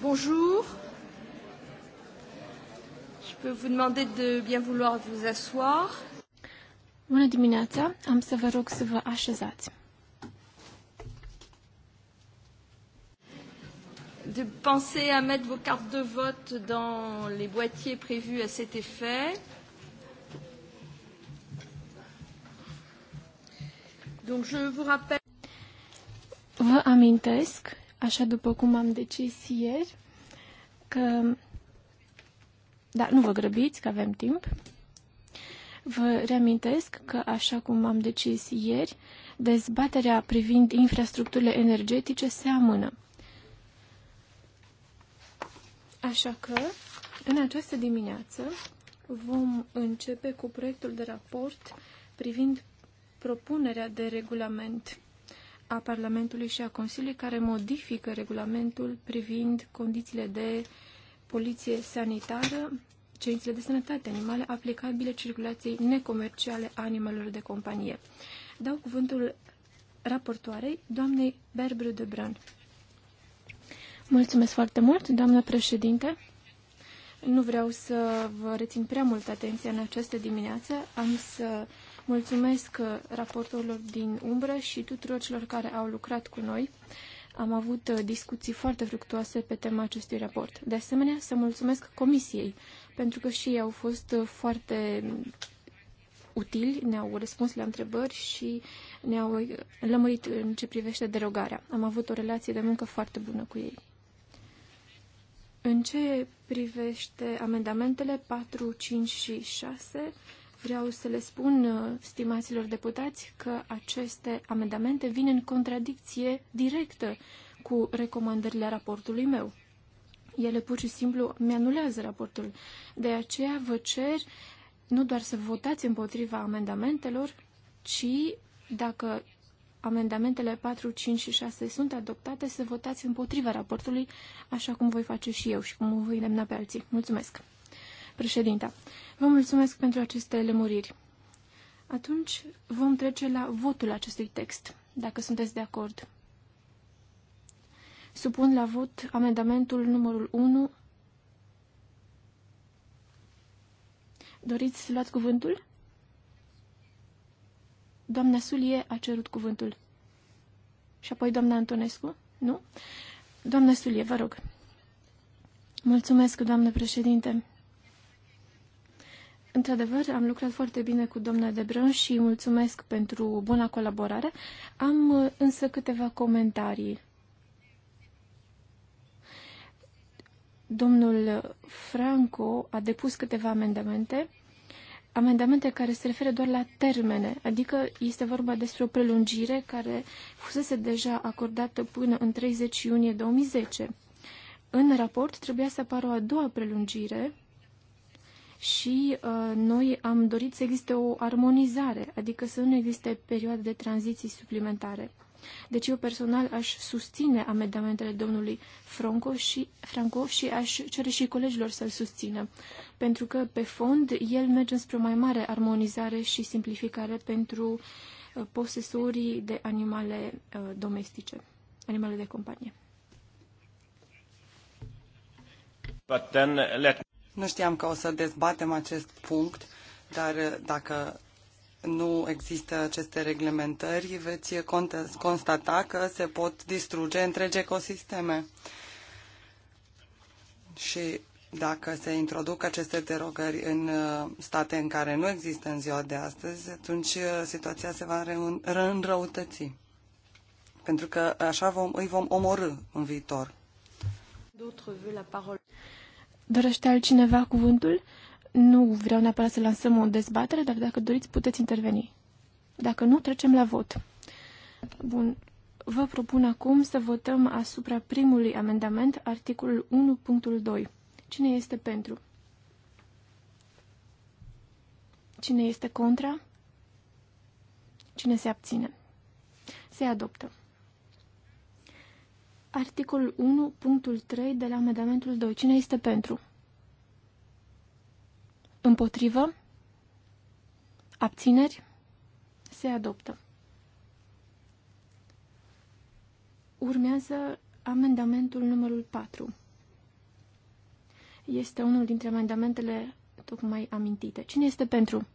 Bonjour. Je peux vous demander de bien vouloir vous asseoir. Bună dimineața, am să vă rog să vă așezați. De penser à mettre vos cartes de vote dans les boîtiers prévus à cet effet. Donc je vous rappelle Vă amintesc așa după cum am decis ieri, că... Da, nu vă grăbiți, că avem timp. Vă reamintesc că, așa cum am decis ieri, dezbaterea privind infrastructurile energetice se amână. Așa că, în această dimineață, vom începe cu proiectul de raport privind propunerea de regulament a Parlamentului și a Consiliului care modifică regulamentul privind condițiile de poliție sanitară, cerințele de sănătate animale aplicabile circulației necomerciale a animalelor de companie. Dau cuvântul raportoarei, doamnei Berbru de Brân. Mulțumesc foarte mult, doamnă președinte. Nu vreau să vă rețin prea mult atenția în această dimineață. Am să Mulțumesc uh, raportorilor din umbră și tuturor celor care au lucrat cu noi. Am avut uh, discuții foarte fructuoase pe tema acestui raport. De asemenea, să mulțumesc Comisiei, pentru că și ei au fost uh, foarte mm, utili, ne-au răspuns la întrebări și ne-au lămurit în ce privește derogarea. Am avut o relație de muncă foarte bună cu ei. În ce privește amendamentele 4, 5 și 6, Vreau să le spun uh, stimaților deputați că aceste amendamente vin în contradicție directă cu recomandările raportului meu. Ele pur și simplu mi-anulează raportul. De aceea vă cer nu doar să votați împotriva amendamentelor, ci dacă amendamentele 4, 5 și 6 sunt adoptate, să votați împotriva raportului, așa cum voi face și eu și cum voi demna pe alții. Mulțumesc! Președinta, vă mulțumesc pentru aceste lămuriri. Atunci vom trece la votul acestui text, dacă sunteți de acord. Supun la vot amendamentul numărul 1. Doriți să luați cuvântul? Doamna Sulie a cerut cuvântul. Și apoi doamna Antonescu? Nu? Doamna Sulie, vă rog. Mulțumesc, doamnă președinte. Într-adevăr, am lucrat foarte bine cu doamna Debrun și mulțumesc pentru buna colaborare. Am uh, însă câteva comentarii. Domnul Franco a depus câteva amendamente, amendamente care se referă doar la termene, adică este vorba despre o prelungire care fusese deja acordată până în 30 iunie 2010. În raport trebuia să apară o a doua prelungire, și uh, noi am dorit să existe o armonizare, adică să nu existe perioade de tranziții suplimentare. Deci eu personal aș susține amendamentele domnului Franco și, Franco și aș cere și colegilor să-l susțină, pentru că pe fond el merge spre o mai mare armonizare și simplificare pentru uh, posesorii de animale uh, domestice, animale de companie. But then let nu știam că o să dezbatem acest punct, dar uh, dacă nu există aceste reglementări, veți constata că se pot distruge întregi ecosisteme. Și dacă se introduc aceste derogări în uh, state în care nu există în ziua de astăzi, atunci uh, situația se va înrăutăți. Pentru că așa vom, îi vom omorâ în viitor. Dorește altcineva cuvântul? Nu vreau neapărat să lansăm o dezbatere, dar dacă doriți, puteți interveni. Dacă nu, trecem la vot. Bun. Vă propun acum să votăm asupra primului amendament, articolul 1.2. Cine este pentru? Cine este contra? Cine se abține? Se adoptă. Articolul 1, punctul 3 de la amendamentul 2. Cine este pentru? Împotrivă? Abțineri? Se adoptă. Urmează amendamentul numărul 4. Este unul dintre amendamentele tocmai amintite. Cine este pentru?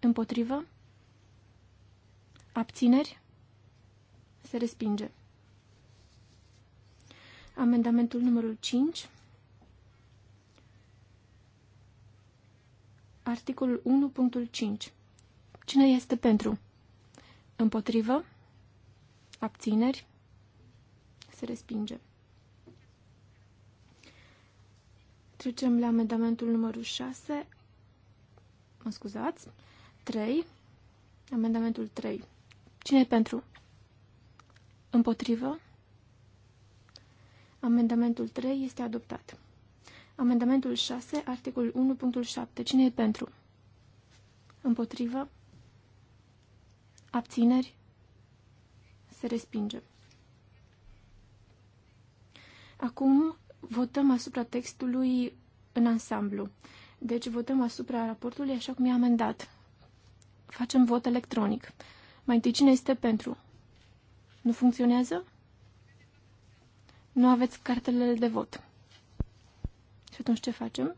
Împotrivă? Abțineri? Se respinge. Amendamentul numărul 5. Articolul 1.5. Cine este pentru? Împotrivă? Abțineri? Se respinge. Trecem la amendamentul numărul 6. Mă scuzați. 3. Amendamentul 3. Cine e pentru? Împotrivă? Amendamentul 3 este adoptat. Amendamentul 6, articolul 1.7. Cine e pentru? Împotrivă? Abțineri? Se respinge. Acum votăm asupra textului în ansamblu. Deci votăm asupra raportului așa cum e amendat. Facem vot electronic. Mai întâi cine este pentru? Nu funcționează? nu aveți cartelele de vot. Și atunci ce facem?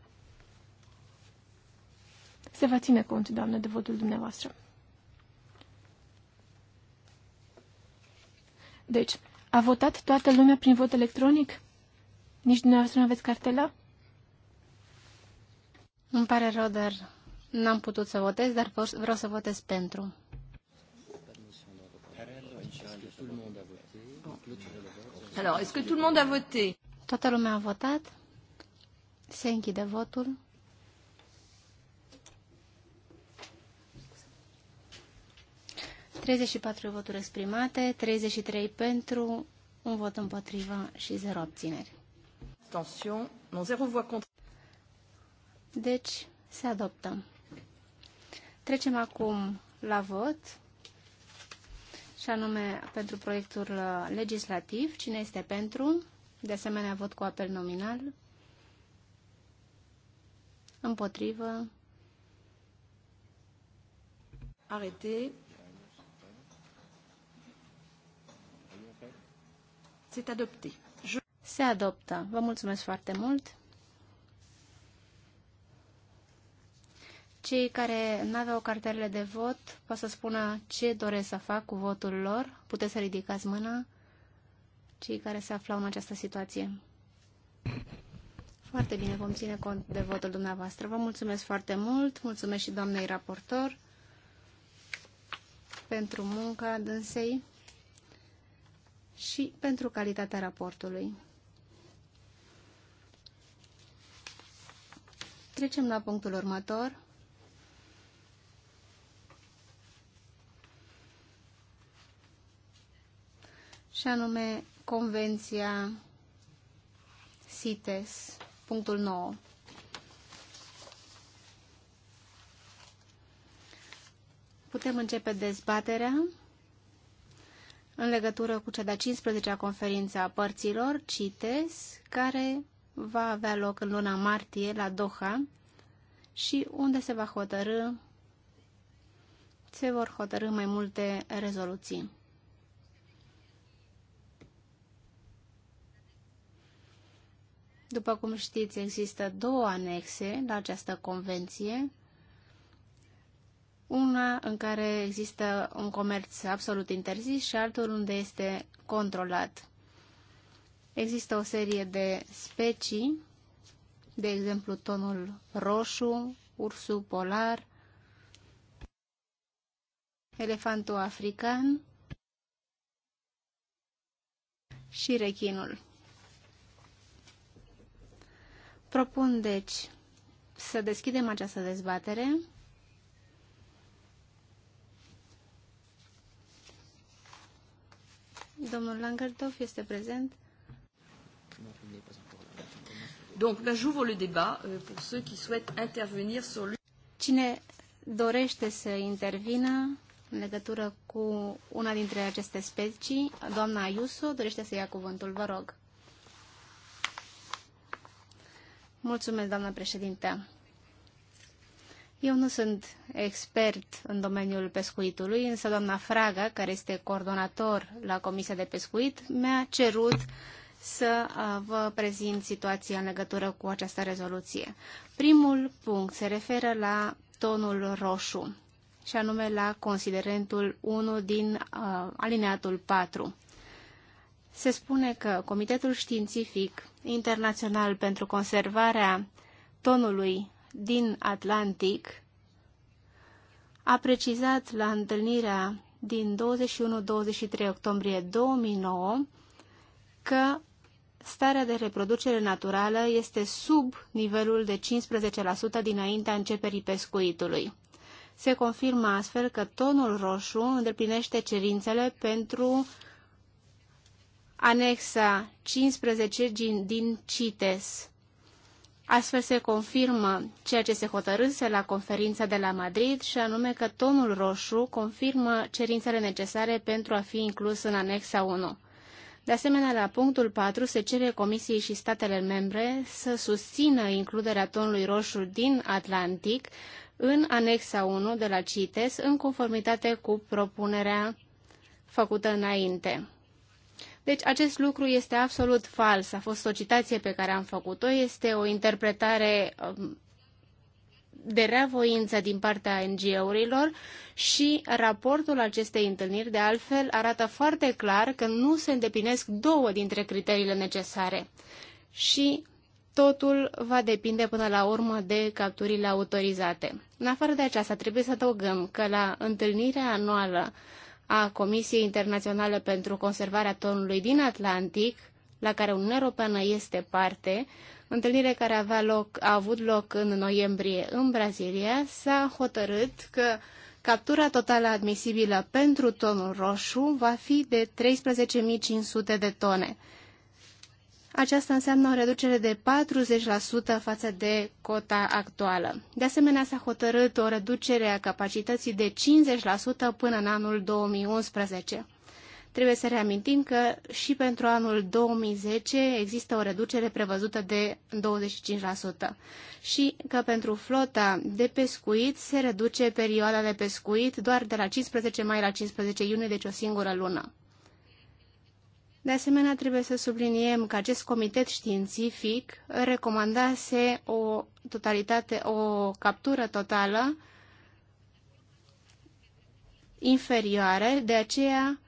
Se va ține cont, doamnă, de votul dumneavoastră. Deci, a votat toată lumea prin vot electronic? Nici dumneavoastră nu aveți cartela? Îmi pare rău, dar n-am putut să votez, dar vreau să votez pentru. Alors, est-ce que tout le monde a voté Toată lumea a votat. Se închide votul. Treizeci și patru voturi exprimate, 33 pentru, un vot împotrivă și zero obțineri. Abstention, non zero voix contre. Deci, se adoptă. Trecem acum la vot și anume pentru proiectul uh, legislativ. Cine este pentru? De asemenea, vot cu apel nominal. Împotrivă. Arete. Se adoptă. Vă mulțumesc foarte mult. Cei care nu aveau cartelele de vot pot să spună ce doresc să fac cu votul lor. Puteți să ridicați mâna cei care se aflau în această situație. Foarte bine, vom ține cont de votul dumneavoastră. Vă mulțumesc foarte mult, mulțumesc și doamnei raportor pentru munca dânsei și pentru calitatea raportului. Trecem la punctul următor. și anume Convenția CITES, punctul 9. Putem începe dezbaterea în legătură cu cea de-a 15-a conferință a părților, CITES, care va avea loc în luna martie la Doha și unde se va hotărâ, se vor hotărâ mai multe rezoluții. După cum știți, există două anexe la această convenție. Una în care există un comerț absolut interzis și altul unde este controlat. Există o serie de specii, de exemplu tonul roșu, ursul polar, elefantul african și rechinul. Propun, deci, să deschidem această dezbatere. Domnul Langertov este prezent. Donc, ben, j'ouvre le débat euh, pour ceux qui souhaitent intervenir sur le... Cine dorește să intervină în legătură cu una dintre aceste specii, doamna Ayuso dorește să ia cuvântul, vă rog. Mulțumesc, doamna președinte. Eu nu sunt expert în domeniul pescuitului, însă doamna Fraga, care este coordonator la Comisia de Pescuit, mi-a cerut să vă prezint situația în legătură cu această rezoluție. Primul punct se referă la tonul roșu, și anume la considerentul 1 din uh, alineatul 4. Se spune că Comitetul Științific internațional pentru conservarea tonului din Atlantic a precizat la întâlnirea din 21-23 octombrie 2009 că starea de reproducere naturală este sub nivelul de 15% dinaintea începerii pescuitului. Se confirmă astfel că tonul roșu îndeplinește cerințele pentru anexa 15 din, din CITES. Astfel se confirmă ceea ce se hotărâse la conferința de la Madrid și anume că tonul roșu confirmă cerințele necesare pentru a fi inclus în anexa 1. De asemenea, la punctul 4 se cere Comisiei și statele membre să susțină includerea tonului roșu din Atlantic în anexa 1 de la CITES în conformitate cu propunerea făcută înainte. Deci acest lucru este absolut fals. A fost o citație pe care am făcut-o. Este o interpretare um, de reavoință din partea NGO-urilor și raportul acestei întâlniri, de altfel, arată foarte clar că nu se îndeplinesc două dintre criteriile necesare. Și totul va depinde până la urmă de capturile autorizate. În afară de aceasta, trebuie să adăugăm că la întâlnirea anuală a Comisiei Internaționale pentru Conservarea Tonului din Atlantic, la care Uniunea Europeană este parte, întâlnire care avea loc, a avut loc în noiembrie în Brazilia, s-a hotărât că captura totală admisibilă pentru tonul roșu va fi de 13.500 de tone. Aceasta înseamnă o reducere de 40% față de cota actuală. De asemenea, s-a hotărât o reducere a capacității de 50% până în anul 2011. Trebuie să reamintim că și pentru anul 2010 există o reducere prevăzută de 25% și că pentru flota de pescuit se reduce perioada de pescuit doar de la 15 mai la 15 iunie, deci o singură lună. De asemenea, trebuie să subliniem că acest comitet științific recomandase o totalitate, o captură totală inferioare, de aceea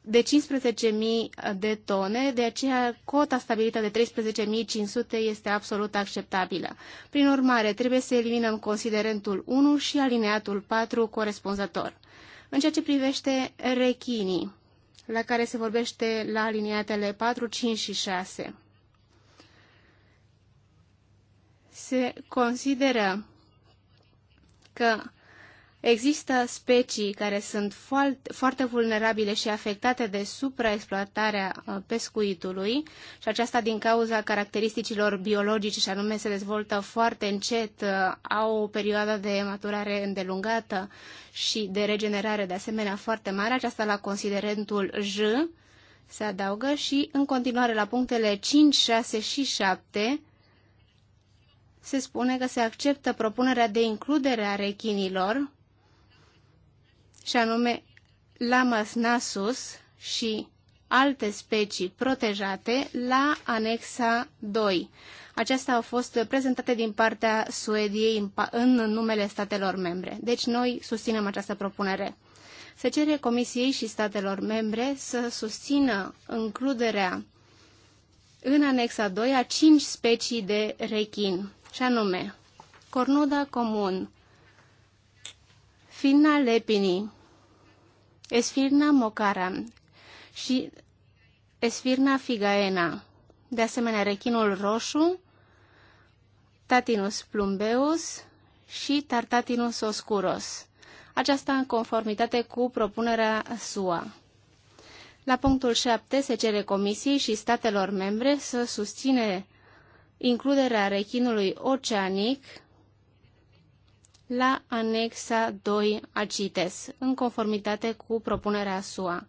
de 15.000 de tone, de aceea cota stabilită de 13.500 este absolut acceptabilă. Prin urmare, trebuie să eliminăm considerentul 1 și alineatul 4 corespunzător. În ceea ce privește rechinii, la care se vorbește la aliniatele 4, 5 și 6. Se consideră că Există specii care sunt foarte vulnerabile și afectate de supraexploatarea uh, pescuitului și aceasta din cauza caracteristicilor biologice și anume se dezvoltă foarte încet, uh, au o perioadă de maturare îndelungată și de regenerare de asemenea foarte mare, aceasta la considerentul J se adaugă și în continuare la punctele 5, 6 și 7 se spune că se acceptă propunerea de includere a rechinilor și anume Lamas nasus și alte specii protejate la anexa 2. Acestea au fost prezentate din partea Suediei în, numele statelor membre. Deci noi susținem această propunere. Se cere Comisiei și statelor membre să susțină includerea în anexa 2 a 5 specii de rechin, și anume cornuda comun, Finna Lepini, Esfirna Mocara și Esfirna Figaena, de asemenea rechinul roșu, Tatinus plumbeus și Tartatinus oscuros. Aceasta în conformitate cu propunerea SUA. La punctul 7 se cere comisiei și statelor membre să susține includerea rechinului oceanic la anexa 2 a CITES, în conformitate cu propunerea SUA.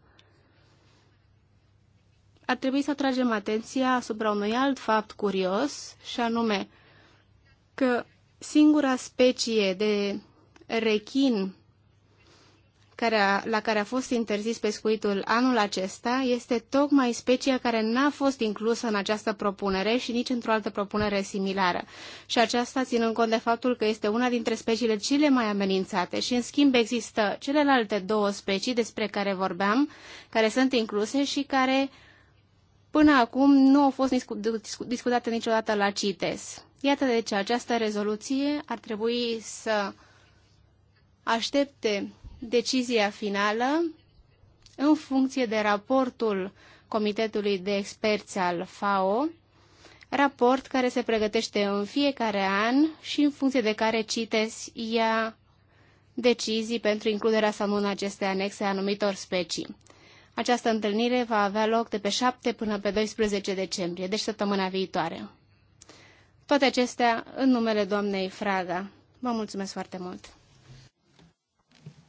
Ar trebui să atragem atenția asupra unui alt fapt curios, și anume că singura specie de rechin care a, la care a fost interzis pescuitul anul acesta este tocmai specia care n-a fost inclusă în această propunere și nici într-o altă propunere similară. Și aceasta ținând cont de faptul că este una dintre speciile cele mai amenințate și în schimb există celelalte două specii despre care vorbeam, care sunt incluse și care până acum nu au fost discutate niciodată la CITES. Iată de ce această rezoluție ar trebui să aștepte decizia finală în funcție de raportul Comitetului de Experți al FAO, raport care se pregătește în fiecare an și în funcție de care CITES ia decizii pentru includerea sau nu în aceste anexe a anumitor specii. Această întâlnire va avea loc de pe 7 până pe 12 decembrie, deci săptămâna viitoare. Toate acestea în numele doamnei Fraga. Vă mulțumesc foarte mult!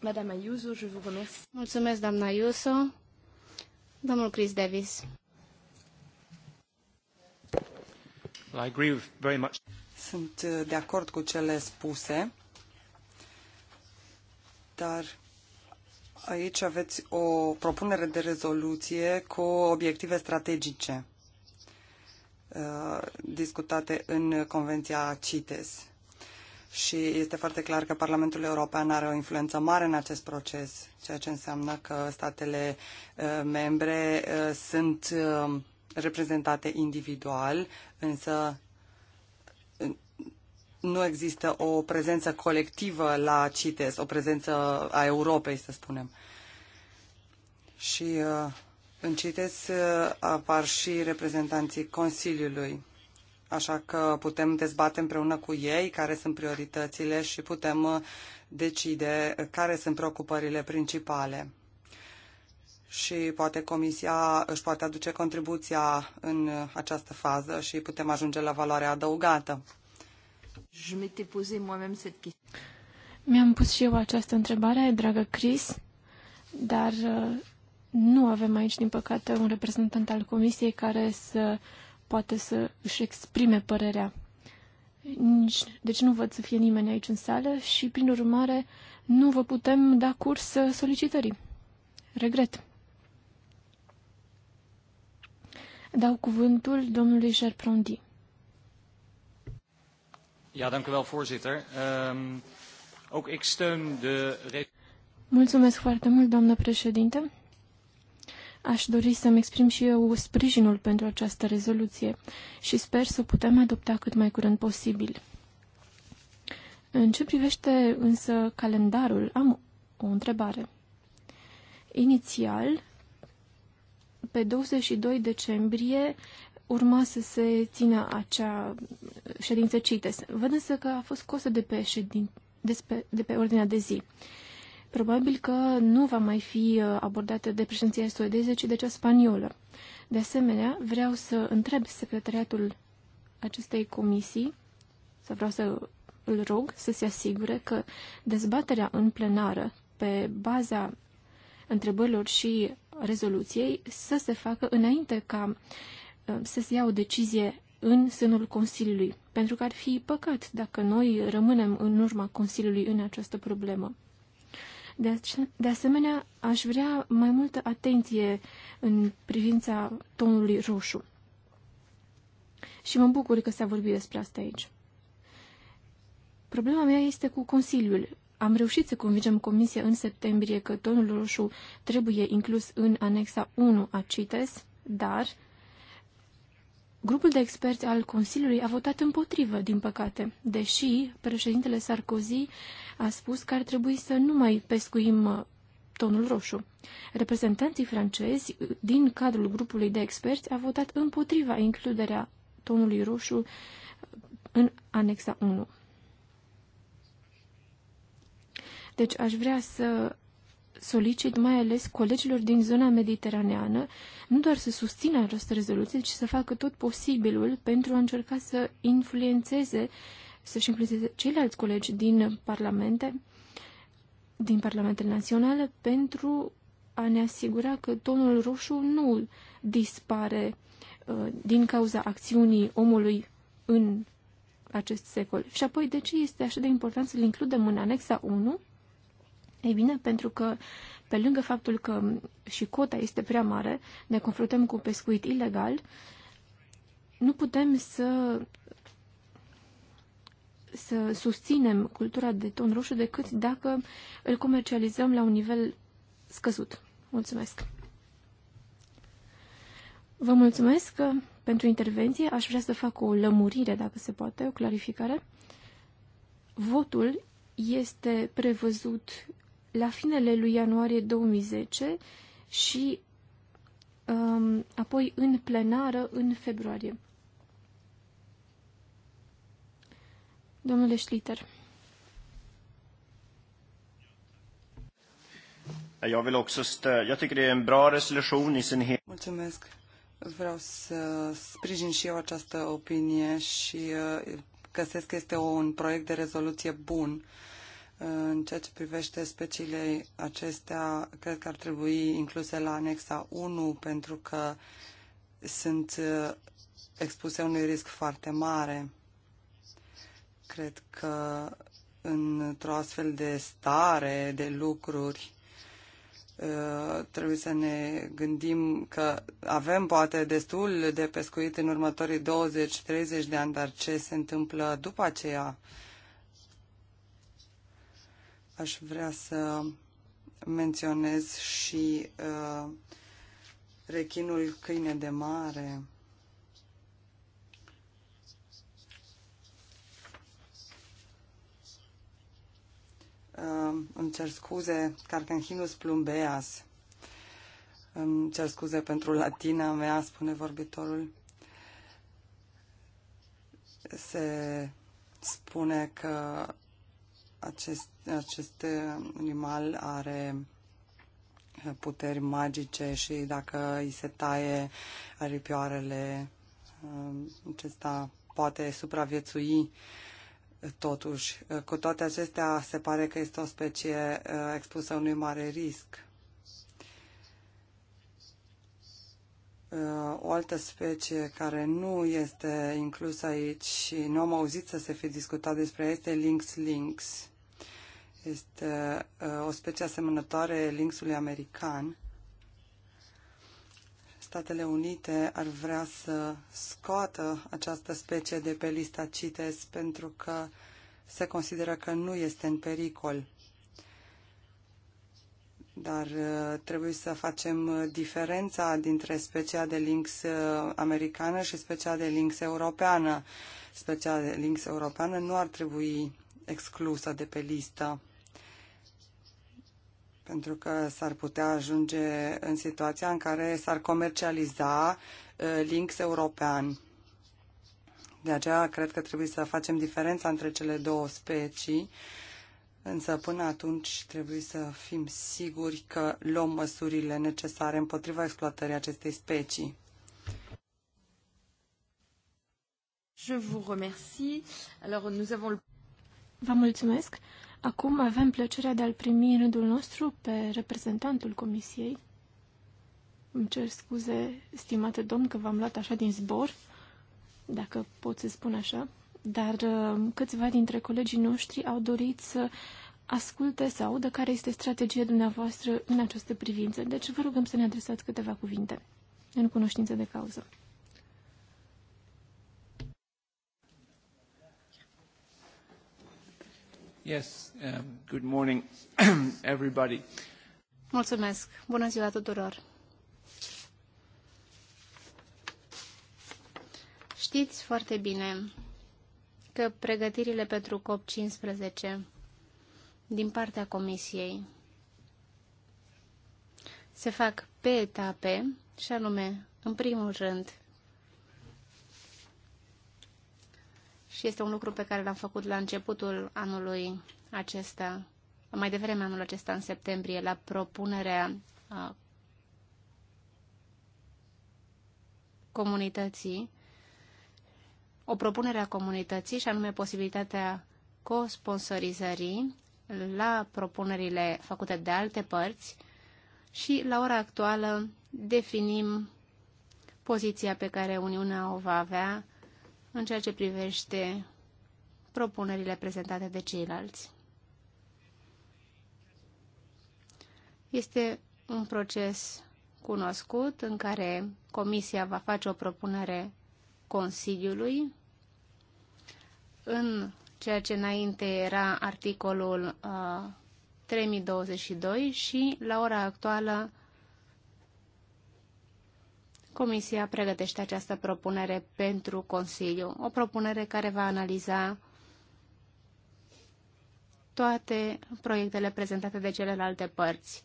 Madame Ayuso, je vous remercie. Mulțumesc, doamna Ayuso. Domnul Chris Davis. I agree very much. Sunt uh, de acord cu cele spuse, dar aici aveți o propunere de rezoluție cu obiective strategice uh, discutate în Convenția CITES și este foarte clar că Parlamentul European are o influență mare în acest proces, ceea ce înseamnă că statele uh, membre uh, sunt uh, reprezentate individual, însă nu există o prezență colectivă la CITES, o prezență a Europei, să spunem. Și în CITES apar și reprezentanții Consiliului așa că putem dezbate împreună cu ei care sunt prioritățile și putem uh, decide care sunt preocupările principale. Și poate Comisia își poate aduce contribuția în această fază și putem ajunge la valoarea adăugată. Mi-am pus și eu această întrebare, dragă Cris, dar uh, nu avem aici, din păcate, un reprezentant al Comisiei care să poate să își exprime părerea. Nici, deci nu văd să fie nimeni aici în sală și, prin urmare, nu vă putem da curs solicitării. Regret. Dau cuvântul domnului Gerprondi. Ja, dank u wel, voorzitter. Um, ook ik steun de... Mulțumesc foarte mult, doamnă președinte. Aș dori să-mi exprim și eu sprijinul pentru această rezoluție și sper să o putem adopta cât mai curând posibil. În ce privește însă calendarul, am o întrebare. Inițial, pe 22 decembrie urma să se țină acea ședință CITES. Văd însă că a fost scosă de pe, ședin... de pe, de pe ordinea de zi. Uh, probabil că nu va mai fi uh, abordată de președinția suedeză, ci de cea spaniolă. De asemenea, vreau să întreb secretariatul acestei comisii, să vreau să îl rog să se asigure că dezbaterea în plenară pe baza întrebărilor și rezoluției să se facă înainte ca uh, să se ia o decizie în sânul Consiliului, pentru că ar fi păcat dacă noi rămânem în urma Consiliului în această problemă. De, de asemenea, aș vrea mai multă atenție în privința tonului roșu. Și mă bucur că s-a vorbit despre asta aici. Problema mea este cu Consiliul. Am reușit să convingem Comisia în septembrie că tonul roșu trebuie inclus în anexa 1 a CITES, dar Grupul de experți al Consiliului a votat împotrivă, din păcate, deși președintele Sarkozy a spus că ar trebui să nu mai pescuim uh, tonul roșu. Reprezentanții francezi uh, din cadrul grupului de experți a votat împotriva includerea tonului roșu uh, în anexa 1. Deci aș vrea să solicit mai ales colegilor din zona mediteraneană nu doar să susțină această rezoluție, ci să facă tot posibilul pentru a încerca să influențeze, să-și influențeze ceilalți colegi din parlamente, din parlamentele naționale, pentru a ne asigura că tonul roșu nu dispare uh, din cauza acțiunii omului în acest secol. Și apoi, de ce este așa de important să-l includem în anexa 1, ei bine, pentru că pe lângă faptul că și cota este prea mare, ne confruntăm cu pescuit ilegal, nu putem să să susținem cultura de ton roșu decât dacă îl comercializăm la un nivel scăzut. Mulțumesc! Vă mulțumesc pentru intervenție. Aș vrea să fac o lămurire, dacă se poate, o clarificare. Votul este prevăzut la finele lui ianuarie 2010 și um, apoi în plenară în februarie. Domnule Schlitter. Jag vill också stödja, jag tycker det är en bra resolution i sin helhet. Mulțumesc. Vreau să sprijin și eu această opinie și uh, găsesc că este un proiect de rezoluție bun. Uh, în ceea ce privește speciile acestea, cred că ar trebui incluse la anexa 1 pentru că sunt uh, expuse unui risc foarte mare. Cred că într-o astfel de stare de lucruri uh, trebuie să ne gândim că avem poate destul de pescuit în următorii 20-30 de ani, dar ce se întâmplă după aceea? Aș vrea să menționez și uh, rechinul câine de mare. Uh, îmi cer scuze, Carcanhinus plumbeas. Îmi cer scuze pentru latina mea, spune vorbitorul. Se spune că acest, acest animal are puteri magice și dacă îi se taie aripioarele, um, acesta poate supraviețui totuși. Cu toate acestea, se pare că este o specie uh, expusă unui mare risc. Uh, o altă specie care nu este inclusă aici și nu am auzit să se fi discutat despre este Lynx lynx este uh, o specie asemănătoare linksului american. Statele Unite ar vrea să scoată această specie de pe lista CITES pentru că se consideră că nu este în pericol. Dar uh, trebuie să facem uh, diferența dintre specia de lynx americană și specia de lynx europeană. Specia de lynx europeană nu ar trebui exclusă de pe listă pentru că s-ar putea ajunge în situația în care s-ar comercializa uh, Lynx european. De aceea cred că trebuie să facem diferența între cele două specii, însă până atunci trebuie să fim siguri că luăm măsurile necesare împotriva exploatării acestei specii. Je vous remercie. Alors, nous avons le... Vă mulțumesc. Acum avem plăcerea de a-l primi în rândul nostru pe reprezentantul Comisiei. Îmi cer scuze, stimate domn, că v-am luat așa din zbor, dacă pot să spun așa, dar uh, câțiva dintre colegii noștri au dorit să asculte sau audă care este strategia dumneavoastră în această privință. Deci vă rugăm să ne adresați câteva cuvinte în cunoștință de cauză. Yes, um, good morning everybody. Mulțumesc. Bună ziua tuturor. Știți foarte bine că pregătirile pentru COP15 din partea Comisiei se fac pe etape, și anume, în primul rând, și este un lucru pe care l-am făcut la începutul anului acesta, mai devreme anul acesta, în septembrie, la propunerea comunității, o propunere a comunității și anume posibilitatea co-sponsorizării la propunerile făcute de alte părți și la ora actuală definim poziția pe care Uniunea o va avea în ceea ce privește propunerile prezentate de ceilalți. Este un proces cunoscut în care Comisia va face o propunere Consiliului în ceea ce înainte era articolul uh, 3022 și la ora actuală Comisia pregătește această propunere pentru Consiliu, o propunere care va analiza toate proiectele prezentate de celelalte părți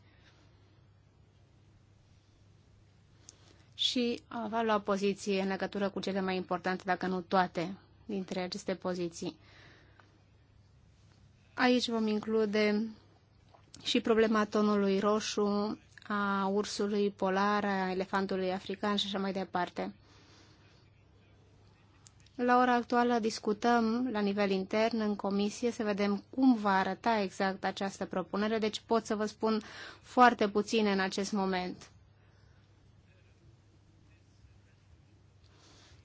și va lua poziție în legătură cu cele mai importante, dacă nu toate, dintre aceste poziții. Aici vom include și problema tonului roșu a ursului polar, a elefantului african și așa mai departe. La ora actuală discutăm la nivel intern, în comisie, să vedem cum va arăta exact această propunere, deci pot să vă spun foarte puține în acest moment.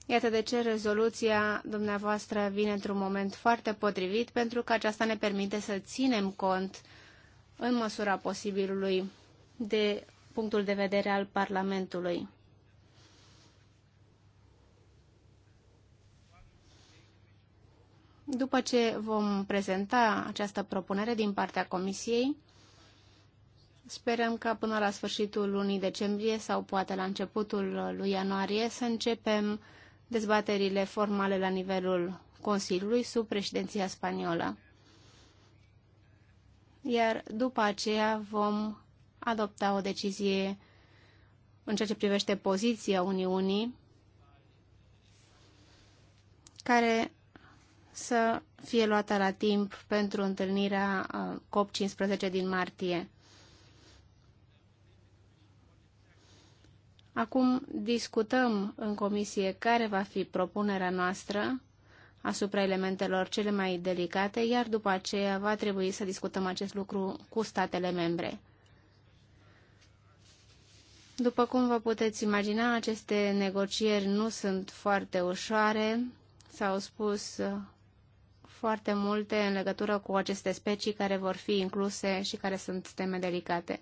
Iată de ce rezoluția dumneavoastră vine într-un moment foarte potrivit, pentru că aceasta ne permite să ținem cont, în măsura posibilului, de punctul de vedere al Parlamentului. După ce vom prezenta această propunere din partea Comisiei, sperăm ca până la sfârșitul lunii decembrie sau poate la începutul lui ianuarie să începem dezbaterile formale la nivelul Consiliului sub președinția spaniolă. Iar după aceea vom adopta o decizie în ceea ce privește poziția Uniunii care să fie luată la timp pentru întâlnirea COP15 din martie. Acum discutăm în comisie care va fi propunerea noastră asupra elementelor cele mai delicate, iar după aceea va trebui să discutăm acest lucru cu statele membre. După cum vă puteți imagina, aceste negocieri nu sunt foarte ușoare. S-au spus uh, foarte multe în legătură cu aceste specii care vor fi incluse și care sunt teme delicate.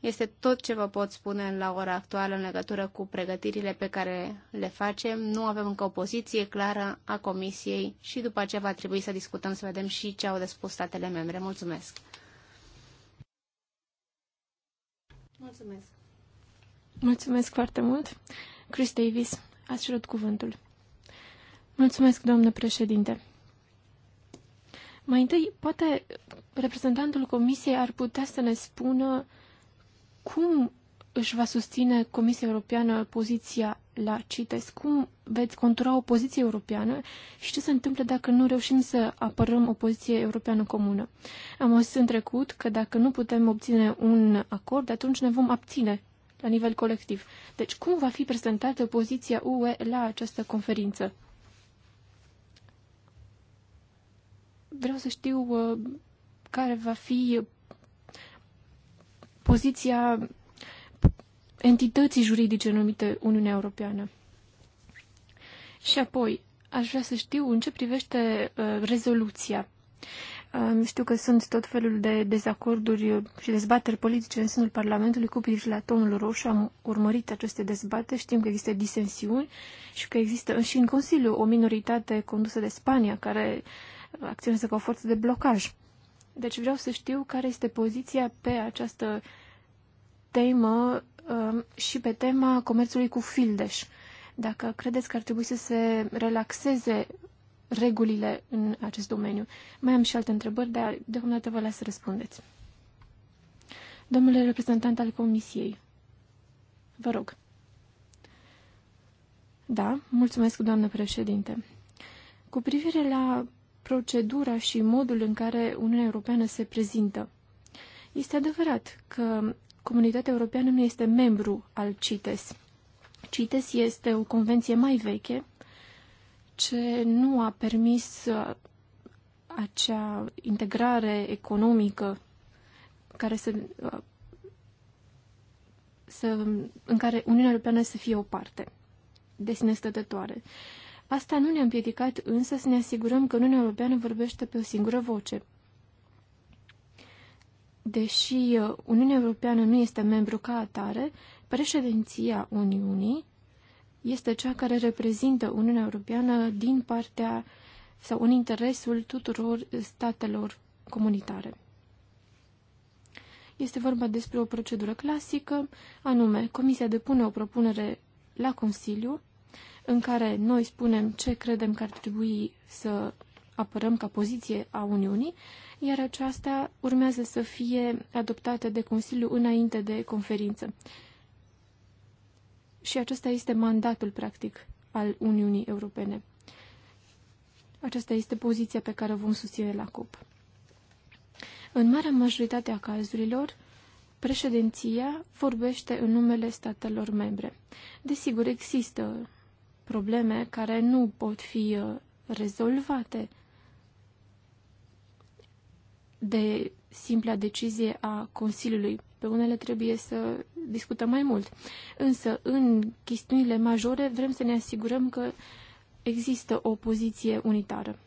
Este tot ce vă pot spune la ora actuală în legătură cu pregătirile pe care le facem. Nu avem încă o poziție clară a Comisiei și după aceea va trebui să discutăm să vedem și ce au de spus statele membre. Mulțumesc! Mulțumesc! Mulțumesc foarte mult. Chris Davis, ați cerut cuvântul. Mulțumesc, doamnă președinte. Mai întâi, poate reprezentantul Comisiei ar putea să ne spună cum își va susține Comisia Europeană poziția la CITES, cum veți contura o poziție europeană și ce se întâmplă dacă nu reușim să apărăm o poziție europeană comună. Am auzit în trecut că dacă nu putem obține un acord, atunci ne vom abține la nivel colectiv. Deci, cum va fi prezentată poziția UE la această conferință? Vreau să știu uh, care va fi poziția entității juridice numite Uniunea Europeană. Și apoi, aș vrea să știu în ce privește uh, rezoluția. Știu că sunt tot felul de dezacorduri și dezbateri politice în sânul Parlamentului cu privire la tonul roșu. Am urmărit aceste dezbateri, știm că există disensiuni și că există și în Consiliu o minoritate condusă de Spania care acționează ca o forță de blocaj. Deci vreau să știu care este poziția pe această temă um, și pe tema comerțului cu fildeș. Dacă credeți că ar trebui să se relaxeze regulile în acest domeniu. Mai am și alte întrebări, dar deocamdată vă las să răspundeți. Domnule reprezentant al Comisiei, vă rog. Da, mulțumesc, doamnă președinte. Cu privire la procedura și modul în care Uniunea Europeană se prezintă, este adevărat că Comunitatea Europeană nu este membru al CITES. CITES este o convenție mai veche ce nu a permis uh, acea integrare economică care să, uh, să, în care Uniunea Europeană să fie o parte de sine stătătoare. Asta nu ne-a împiedicat însă să ne asigurăm că Uniunea Europeană vorbește pe o singură voce. Deși uh, Uniunea Europeană nu este membru ca atare, președinția Uniunii este cea care reprezintă Uniunea Europeană din partea sau în interesul tuturor statelor comunitare. Este vorba despre o procedură clasică, anume Comisia depune o propunere la Consiliu, în care noi spunem ce credem că ar trebui să apărăm ca poziție a Uniunii, iar aceasta urmează să fie adoptată de Consiliu înainte de conferință și acesta este mandatul practic al Uniunii Europene. Aceasta este poziția pe care o vom susține la COP. În marea majoritate a cazurilor, președinția vorbește în numele statelor membre. Desigur, există probleme care nu pot fi uh, rezolvate de simpla decizie a Consiliului. Pe unele trebuie să discutăm mai mult. Însă, în chestiunile majore, vrem să ne asigurăm că există o poziție unitară.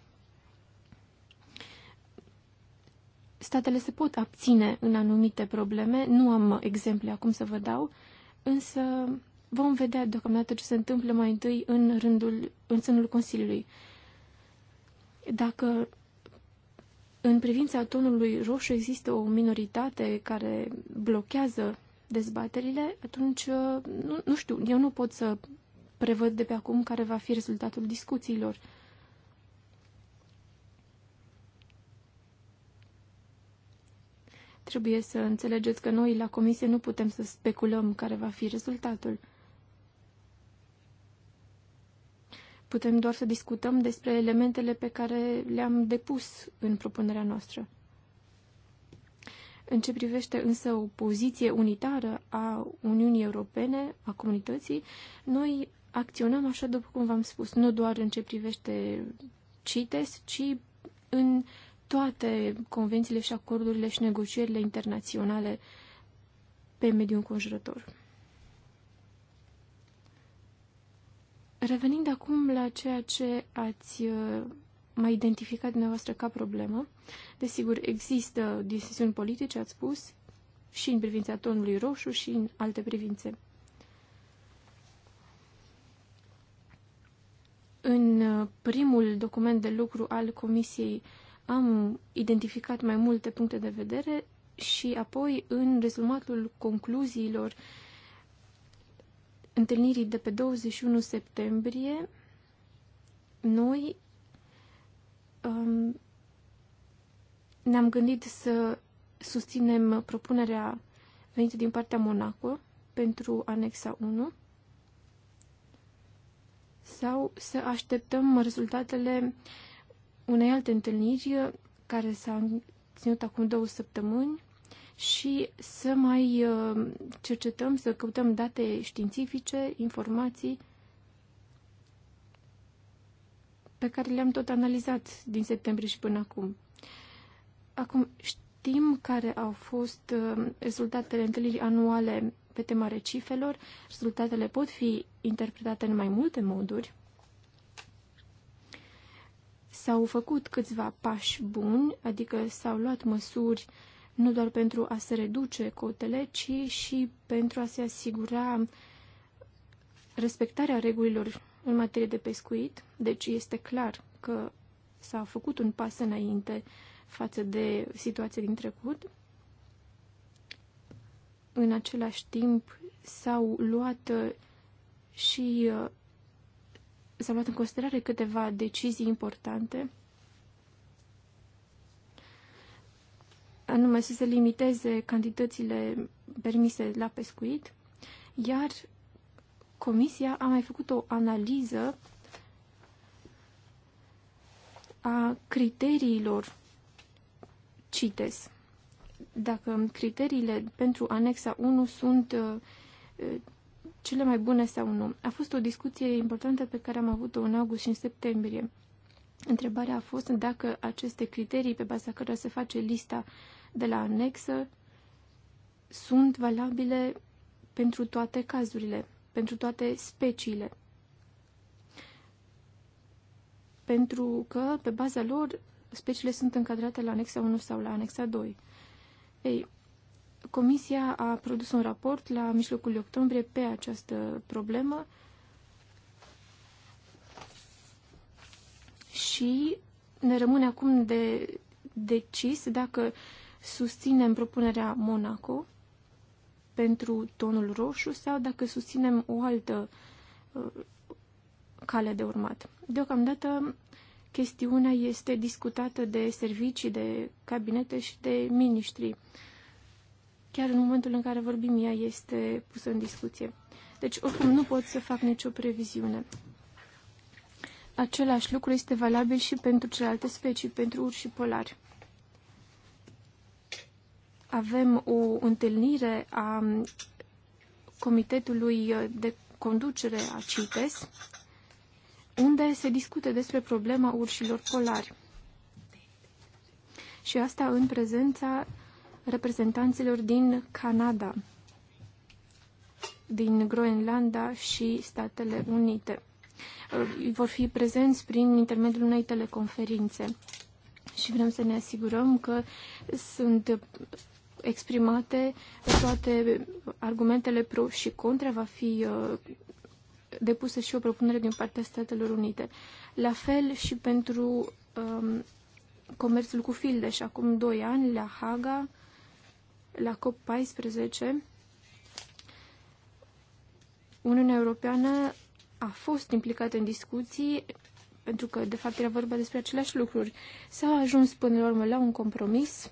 Statele se pot abține în anumite probleme, nu am exemple acum să vă dau, însă vom vedea deocamdată ce se întâmplă mai întâi în rândul, în sânul Consiliului. Dacă în privința tonului roșu există o minoritate care blochează dezbaterile, atunci, uh, nu, nu știu, eu nu pot să prevăd de pe acum care va fi rezultatul discuțiilor. Trebuie să înțelegeți că noi la comisie nu putem să speculăm care va fi rezultatul. Putem doar să discutăm despre elementele pe care le-am depus în propunerea noastră. În ce privește însă o poziție unitară a Uniunii Europene, a comunității, noi acționăm așa după cum v-am spus, nu doar în ce privește CITES, ci în toate convențiile și acordurile și negocierile internaționale pe mediul înconjurător. Revenind acum la ceea ce ați uh, mai identificat dumneavoastră ca problemă, desigur, există decisiuni politice, ați spus, și în privința tonului roșu și în alte privințe. În uh, primul document de lucru al Comisiei am identificat mai multe puncte de vedere și apoi în rezumatul concluziilor uh, întâlnirii de pe 21 septembrie, noi um, ne-am gândit să susținem propunerea venită din partea Monaco pentru anexa 1 sau să așteptăm rezultatele unei alte întâlniri care s-a ținut acum două săptămâni și să mai uh, cercetăm, să căutăm date științifice, informații pe care le-am tot analizat din septembrie și până acum. Acum știm care au fost uh, rezultatele întâlnirii anuale pe tema recifelor. Rezultatele pot fi interpretate în mai multe moduri. S-au făcut câțiva pași buni, adică s-au luat măsuri uh, nu doar pentru a se reduce cotele, ci și pentru a se asigura respectarea regulilor în materie de pescuit. Deci este clar că s-a făcut un pas înainte față de situația din trecut. În același timp s-au luat uh, și uh, s-au luat în considerare câteva decizii importante anume să se limiteze cantitățile permise la pescuit, iar Comisia a mai făcut o analiză a criteriilor CITES. Dacă criteriile pentru anexa 1 sunt uh, cele mai bune sau nu. A fost o discuție importantă pe care am avut-o în august și în septembrie. Întrebarea a fost dacă aceste criterii pe baza cărora se face lista de la anexă sunt valabile pentru toate cazurile, pentru toate speciile. Pentru că, pe baza lor, speciile sunt încadrate la anexa 1 sau la anexa 2. Ei, Comisia a produs un raport la mijlocul octombrie pe această problemă și ne rămâne acum de decis dacă susținem propunerea Monaco pentru tonul roșu sau dacă susținem o altă uh, cale de urmat. Deocamdată, chestiunea este discutată de servicii, de cabinete și de miniștri. Chiar în momentul în care vorbim, ea este pusă în discuție. Deci, oricum, nu pot să fac nicio previziune. Același lucru este valabil și pentru celelalte specii, pentru urși polari avem o întâlnire a Comitetului de Conducere a CITES, unde se discută despre problema urșilor polari. Și asta în prezența reprezentanților din Canada, din Groenlanda și Statele Unite. Vor fi prezenți prin intermediul unei teleconferințe și vrem să ne asigurăm că sunt exprimate toate argumentele pro și contra, va fi uh, depusă și o propunere din partea Statelor Unite. La fel și pentru um, comerțul cu și acum 2 ani, la Haga, la COP14, Uniunea Europeană a fost implicată în discuții, pentru că, de fapt, era vorba despre aceleași lucruri. S-a ajuns până la urmă la un compromis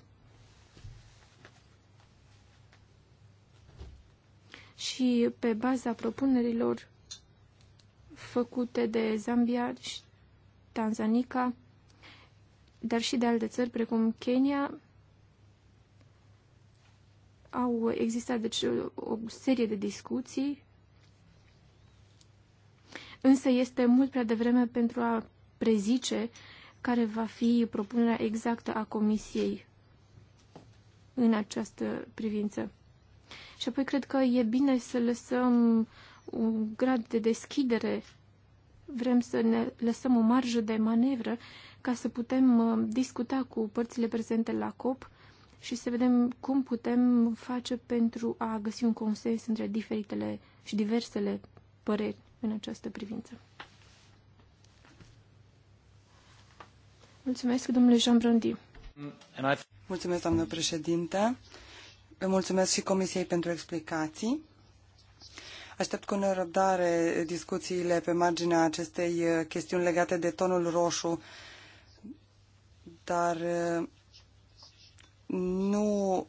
și pe baza propunerilor făcute de Zambia și Tanzanica, dar și de alte țări precum Kenya, au existat deci, o serie de discuții, însă este mult prea devreme pentru a prezice care va fi propunerea exactă a Comisiei în această privință. Și apoi cred că e bine să lăsăm un grad de deschidere. Vrem să ne lăsăm o marjă de manevră ca să putem uh, discuta cu părțile prezente la COP și să vedem cum putem face pentru a găsi un consens între diferitele și diversele păreri în această privință. Mulțumesc, domnule Jean Brondi. Mulțumesc, doamnă președinte. Mulțumesc și Comisiei pentru explicații. Aștept cu nerăbdare discuțiile pe marginea acestei uh, chestiuni legate de tonul roșu, dar uh, nu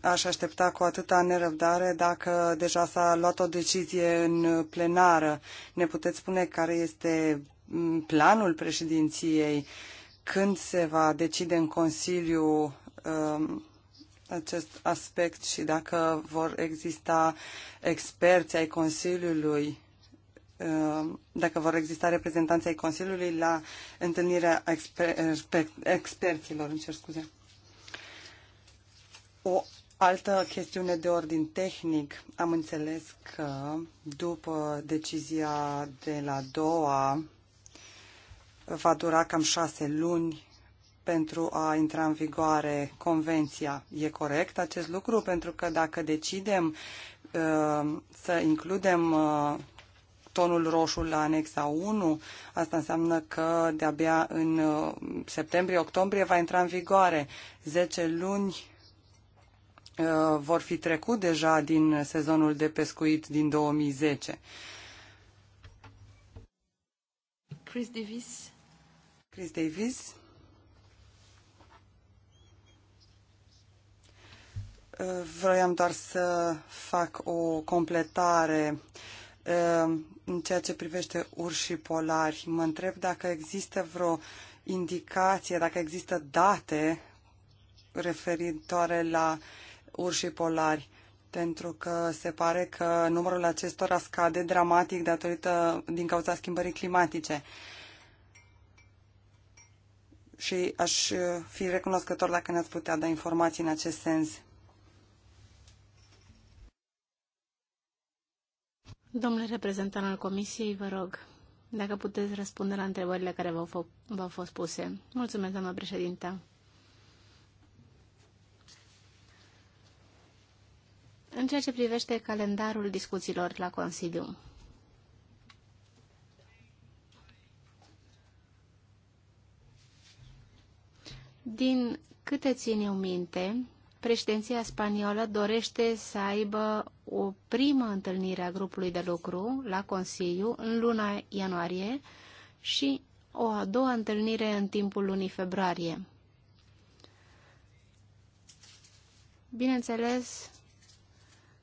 aș aștepta cu atâta nerăbdare dacă deja s-a luat o decizie în plenară. Ne puteți spune care este mm, planul președinției, când se va decide în Consiliu um, acest aspect și dacă vor exista experți ai Consiliului, uh, dacă vor exista reprezentanții ai Consiliului la întâlnirea exper exper experților, îmi cer scuze. O altă chestiune de ordin tehnic. Am înțeles că după decizia de la doua va dura cam șase luni pentru a intra în vigoare convenția. E corect acest lucru? Pentru că dacă decidem uh, să includem uh, tonul roșu la anexa 1, asta înseamnă că de-abia în uh, septembrie-octombrie va intra în vigoare. 10 luni uh, vor fi trecut deja din sezonul de pescuit din 2010. Chris Davis. Chris Davis. Vroiam doar să fac o completare uh, în ceea ce privește urșii polari. Mă întreb dacă există vreo indicație, dacă există date referitoare la urșii polari, pentru că se pare că numărul acestora scade dramatic datorită din cauza schimbării climatice. Și aș fi recunoscător dacă ne-ați putea da informații în acest sens. Domnule reprezentant al Comisiei, vă rog, dacă puteți răspunde la întrebările care v-au fost puse. Mulțumesc, doamnă președintă. În ceea ce privește calendarul discuțiilor la Consiliu, din câte țin eu minte, președinția spaniolă dorește să aibă o primă întâlnire a grupului de lucru la Consiliu în luna ianuarie și o a doua întâlnire în timpul lunii februarie. Bineînțeles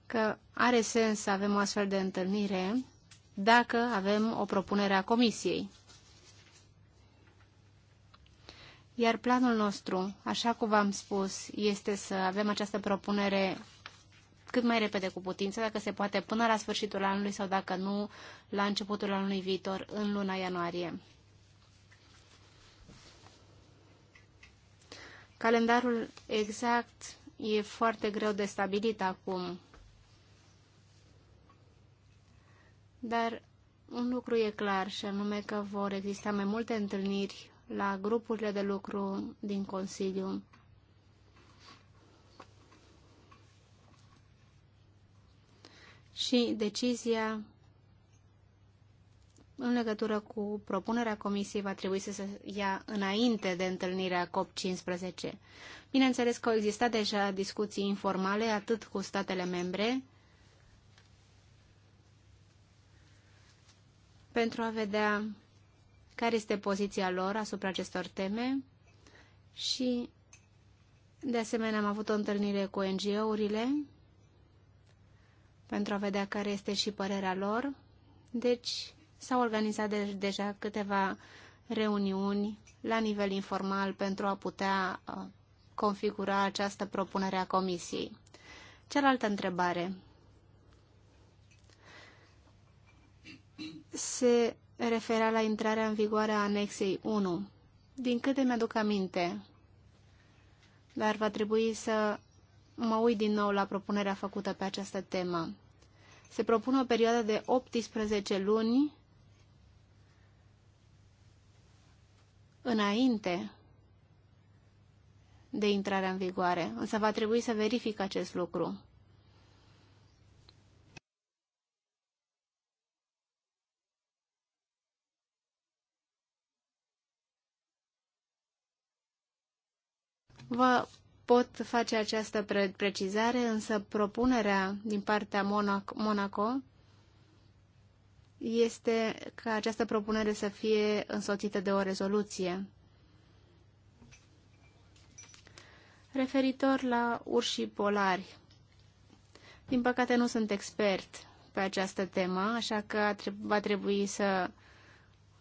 că are sens să avem o astfel de întâlnire dacă avem o propunere a Comisiei. Iar planul nostru, așa cum v-am spus, este să avem această propunere cât mai repede cu putință, dacă se poate, până la sfârșitul anului sau dacă nu, la începutul anului viitor, în luna ianuarie. Calendarul exact e foarte greu de stabilit acum, dar un lucru e clar și anume că vor exista mai multe întâlniri la grupurile de lucru din Consiliu. Și decizia în legătură cu propunerea comisiei va trebui să se ia înainte de întâlnirea COP15. Bineînțeles că au existat deja discuții informale atât cu statele membre, pentru a vedea care este poziția lor asupra acestor teme și, de asemenea, am avut o întâlnire cu NGO-urile pentru a vedea care este și părerea lor. Deci, s-au organizat de- deja câteva reuniuni la nivel informal pentru a putea uh, configura această propunere a Comisiei. Cealaltă întrebare. Se referea la intrarea în vigoare a anexei 1. Din câte mi-aduc aminte, dar va trebui să mă uit din nou la propunerea făcută pe această temă. Se propune o perioadă de 18 luni înainte de intrarea în vigoare, însă va trebui să verific acest lucru. Vă pot face această pre precizare, însă propunerea din partea Monaco, Monaco este ca această propunere să fie însoțită de o rezoluție. Referitor la urșii polari, din păcate nu sunt expert pe această temă, așa că va trebui să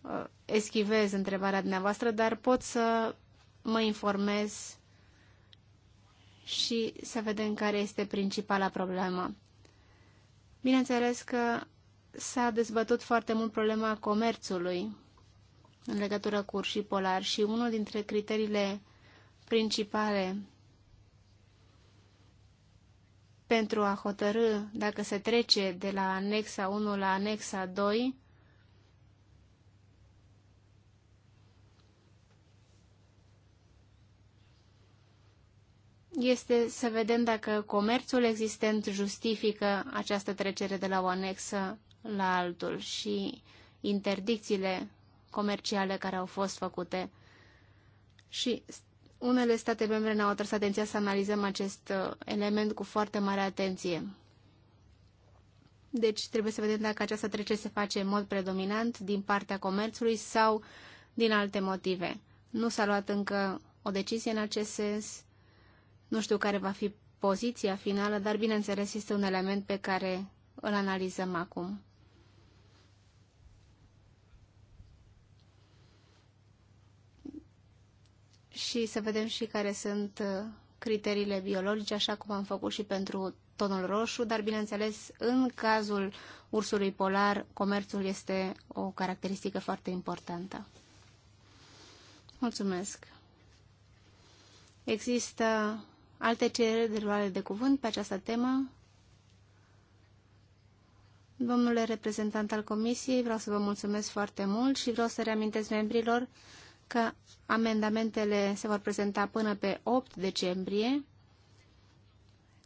uh, eschivez întrebarea dumneavoastră, dar pot să mă informez și să vedem care este principala problemă. Bineînțeles că s-a dezbătut foarte mult problema comerțului în legătură cu urșii polar și unul dintre criteriile principale pentru a hotărâ dacă se trece de la anexa 1 la anexa 2 este să vedem dacă comerțul existent justifică această trecere de la o anexă la altul și interdicțiile comerciale care au fost făcute. Și unele state membre ne-au atras atenția să analizăm acest uh, element cu foarte mare atenție. Deci trebuie să vedem dacă această trecere se face în mod predominant din partea comerțului sau din alte motive. Nu s-a luat încă o decizie în acest sens nu știu care va fi poziția finală, dar bineînțeles este un element pe care îl analizăm acum. Și să vedem și care sunt uh, criteriile biologice, așa cum am făcut și pentru tonul roșu, dar bineînțeles, în cazul ursului polar, comerțul este o caracteristică foarte importantă. Mulțumesc! Există Alte cereri de luare de cuvânt pe această temă? Domnule reprezentant al Comisiei, vreau să vă mulțumesc foarte mult și vreau să reamintesc membrilor că amendamentele se vor prezenta până pe 8 decembrie,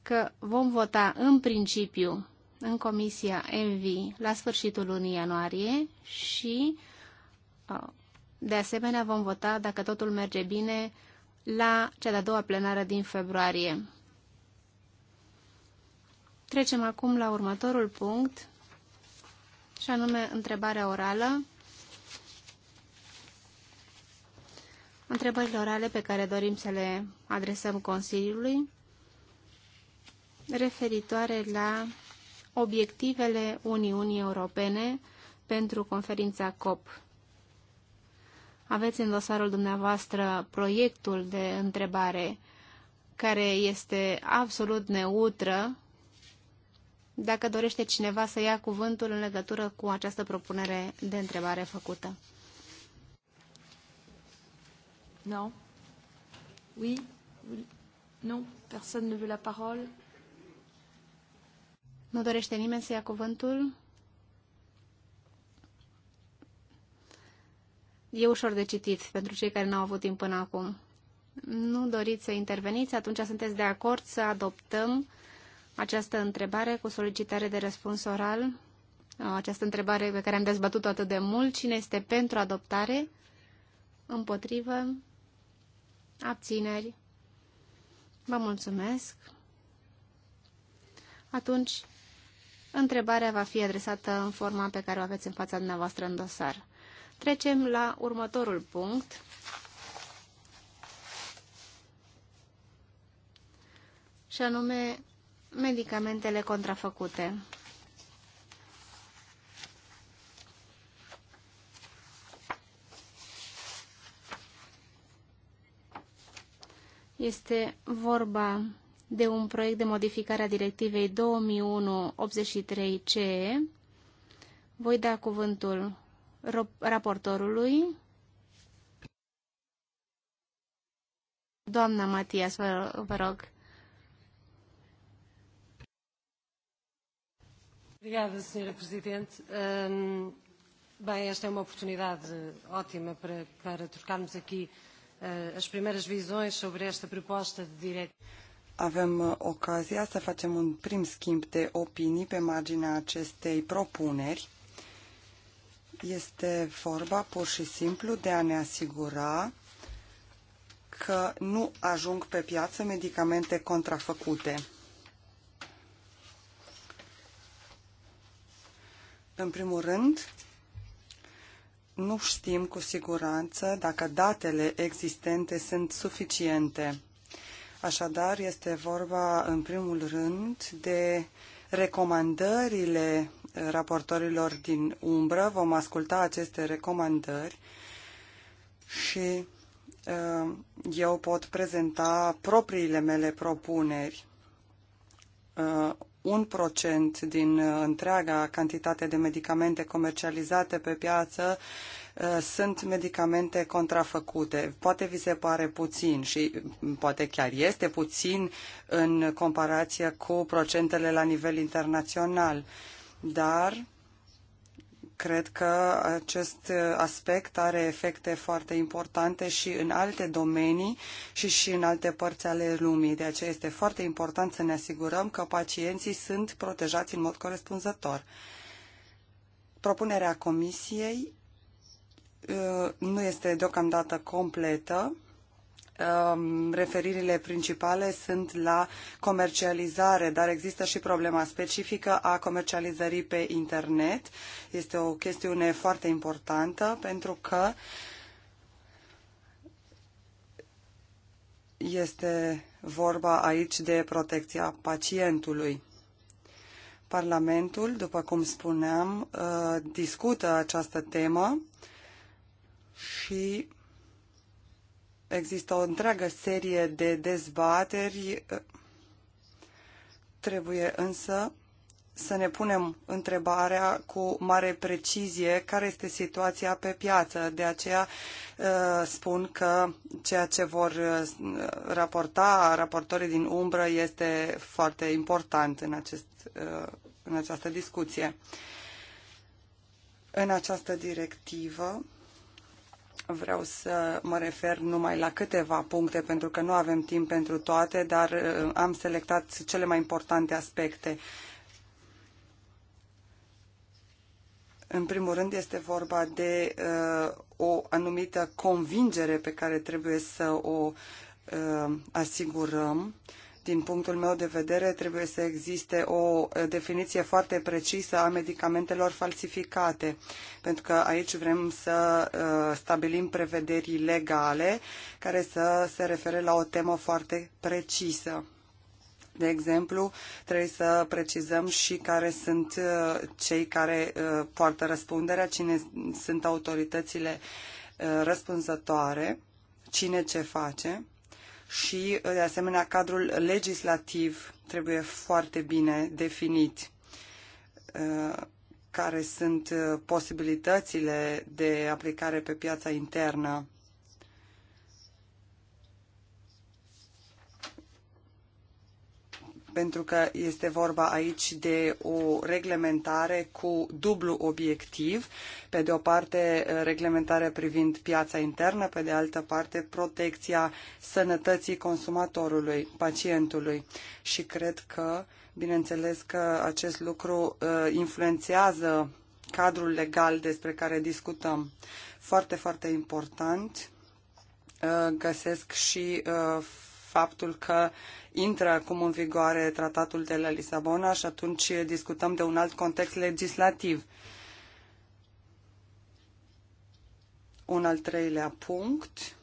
că vom vota în principiu în Comisia MV la sfârșitul lunii ianuarie și, uh, de asemenea, vom vota, dacă totul merge bine, la cea de-a doua plenară din februarie. Trecem acum la următorul punct, și anume întrebarea orală. Întrebările orale pe care dorim să le adresăm Consiliului referitoare la obiectivele Uniunii Europene pentru conferința COP aveți în dosarul dumneavoastră proiectul de întrebare care este absolut neutră. Dacă dorește cineva să ia cuvântul în legătură cu această propunere de întrebare făcută. Nu. Oui. Nu. Personne ne veut la parole. Nu dorește nimeni să ia cuvântul? E ușor de citit pentru cei care n-au avut timp până acum. Nu doriți să interveniți, atunci sunteți de acord să adoptăm această întrebare cu solicitare de răspuns oral, această întrebare pe care am dezbătut-o atât de mult, cine este pentru adoptare, împotrivă, abțineri. Vă mulțumesc. Atunci, întrebarea va fi adresată în forma pe care o aveți în fața dumneavoastră în dosar. Trecem la următorul punct. Și anume medicamentele contrafăcute. Este vorba de un proiect de modificare a directivei 2001-83-CE. Voi da cuvântul raportorului. Doamna Matias, vă, vă rog. Obrigada, Sra. Presidente. Um, bem, esta é uma oportunidade ótima para, para trocarmos aqui uh, as primeiras visões sobre esta proposta de direito. Avem uh, ocazia să facem un prim schimb de opinii pe marginea acestei propuneri este vorba pur și simplu de a ne asigura că nu ajung pe piață medicamente contrafăcute. În primul rând, nu știm cu siguranță dacă datele existente sunt suficiente. Așadar, este vorba în primul rând de recomandările raportorilor din umbră, vom asculta aceste recomandări și uh, eu pot prezenta propriile mele propuneri. Uh, un procent din uh, întreaga cantitate de medicamente comercializate pe piață sunt medicamente contrafăcute. Poate vi se pare puțin și mm, poate chiar este puțin în comparație cu procentele la nivel internațional dar cred că acest aspect are efecte foarte importante și în alte domenii și și în alte părți ale lumii. De aceea este foarte important să ne asigurăm că pacienții sunt protejați în mod corespunzător. Propunerea comisiei uh, nu este deocamdată completă Um, referirile principale sunt la comercializare, dar există și problema specifică a comercializării pe internet. Este o chestiune foarte importantă pentru că este vorba aici de protecția pacientului. Parlamentul, după cum spuneam, uh, discută această temă și există o întreagă serie de dezbateri. Trebuie însă să ne punem întrebarea cu mare precizie care este situația pe piață. De aceea uh, spun că ceea ce vor uh, raporta raportorii din umbră este foarte important în, acest, uh, în această discuție. În această directivă Vreau să mă refer numai la câteva puncte, pentru că nu avem timp pentru toate, dar uh, am selectat cele mai importante aspecte. În primul rând este vorba de uh, o anumită convingere pe care trebuie să o uh, asigurăm. Uh, din punctul meu de vedere, trebuie să existe o definiție foarte precisă a medicamentelor falsificate, pentru că aici vrem să uh, stabilim prevederi legale care să se refere la o temă foarte precisă. De exemplu, trebuie să precizăm și care sunt uh, cei care uh, poartă răspunderea, cine sunt autoritățile răspunzătoare, cine ce face și, de asemenea, cadrul legislativ trebuie foarte bine definit uh, care sunt uh, posibilitățile de aplicare pe piața internă pentru că este vorba aici de o reglementare cu dublu obiectiv. Pe de o parte, reglementarea privind piața internă, pe de altă parte, protecția sănătății consumatorului, pacientului. Și cred că, bineînțeles că acest lucru uh, influențează cadrul legal despre care discutăm. Foarte, foarte important uh, găsesc și uh, faptul că intră acum în vigoare tratatul de la Lisabona și atunci discutăm de un alt context legislativ. Un al treilea punct.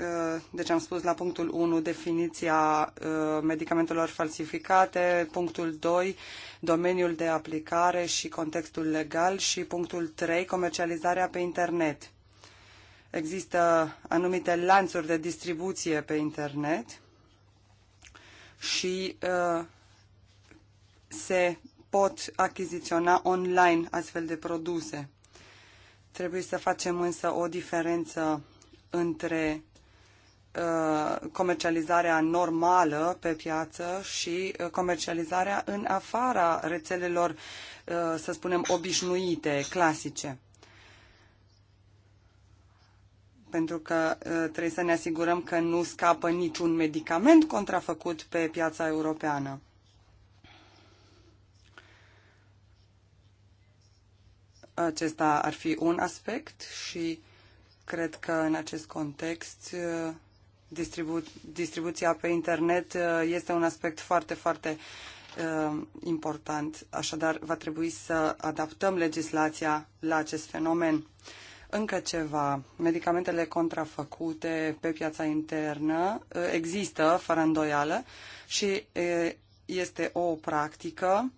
Uh, deci am spus la punctul 1 definiția uh, medicamentelor falsificate, punctul 2 domeniul de aplicare și contextul legal și punctul 3 comercializarea pe internet există anumite lanțuri de distribuție pe internet și uh, se pot achiziționa online astfel de produse. Trebuie să facem însă o diferență între uh, comercializarea normală pe piață și uh, comercializarea în afara rețelelor, să spunem, obișnuite, clasice pentru că uh, trebuie să ne asigurăm că nu scapă niciun medicament contrafăcut pe piața europeană. Acesta ar fi un aspect și cred că în acest context uh, distribu- distribuția pe internet uh, este un aspect foarte, foarte important. Așadar, va trebui să adaptăm legislația la acest fenomen. Încă ceva. Medicamentele contrafăcute pe piața internă uh, există, fără îndoială, și este o practică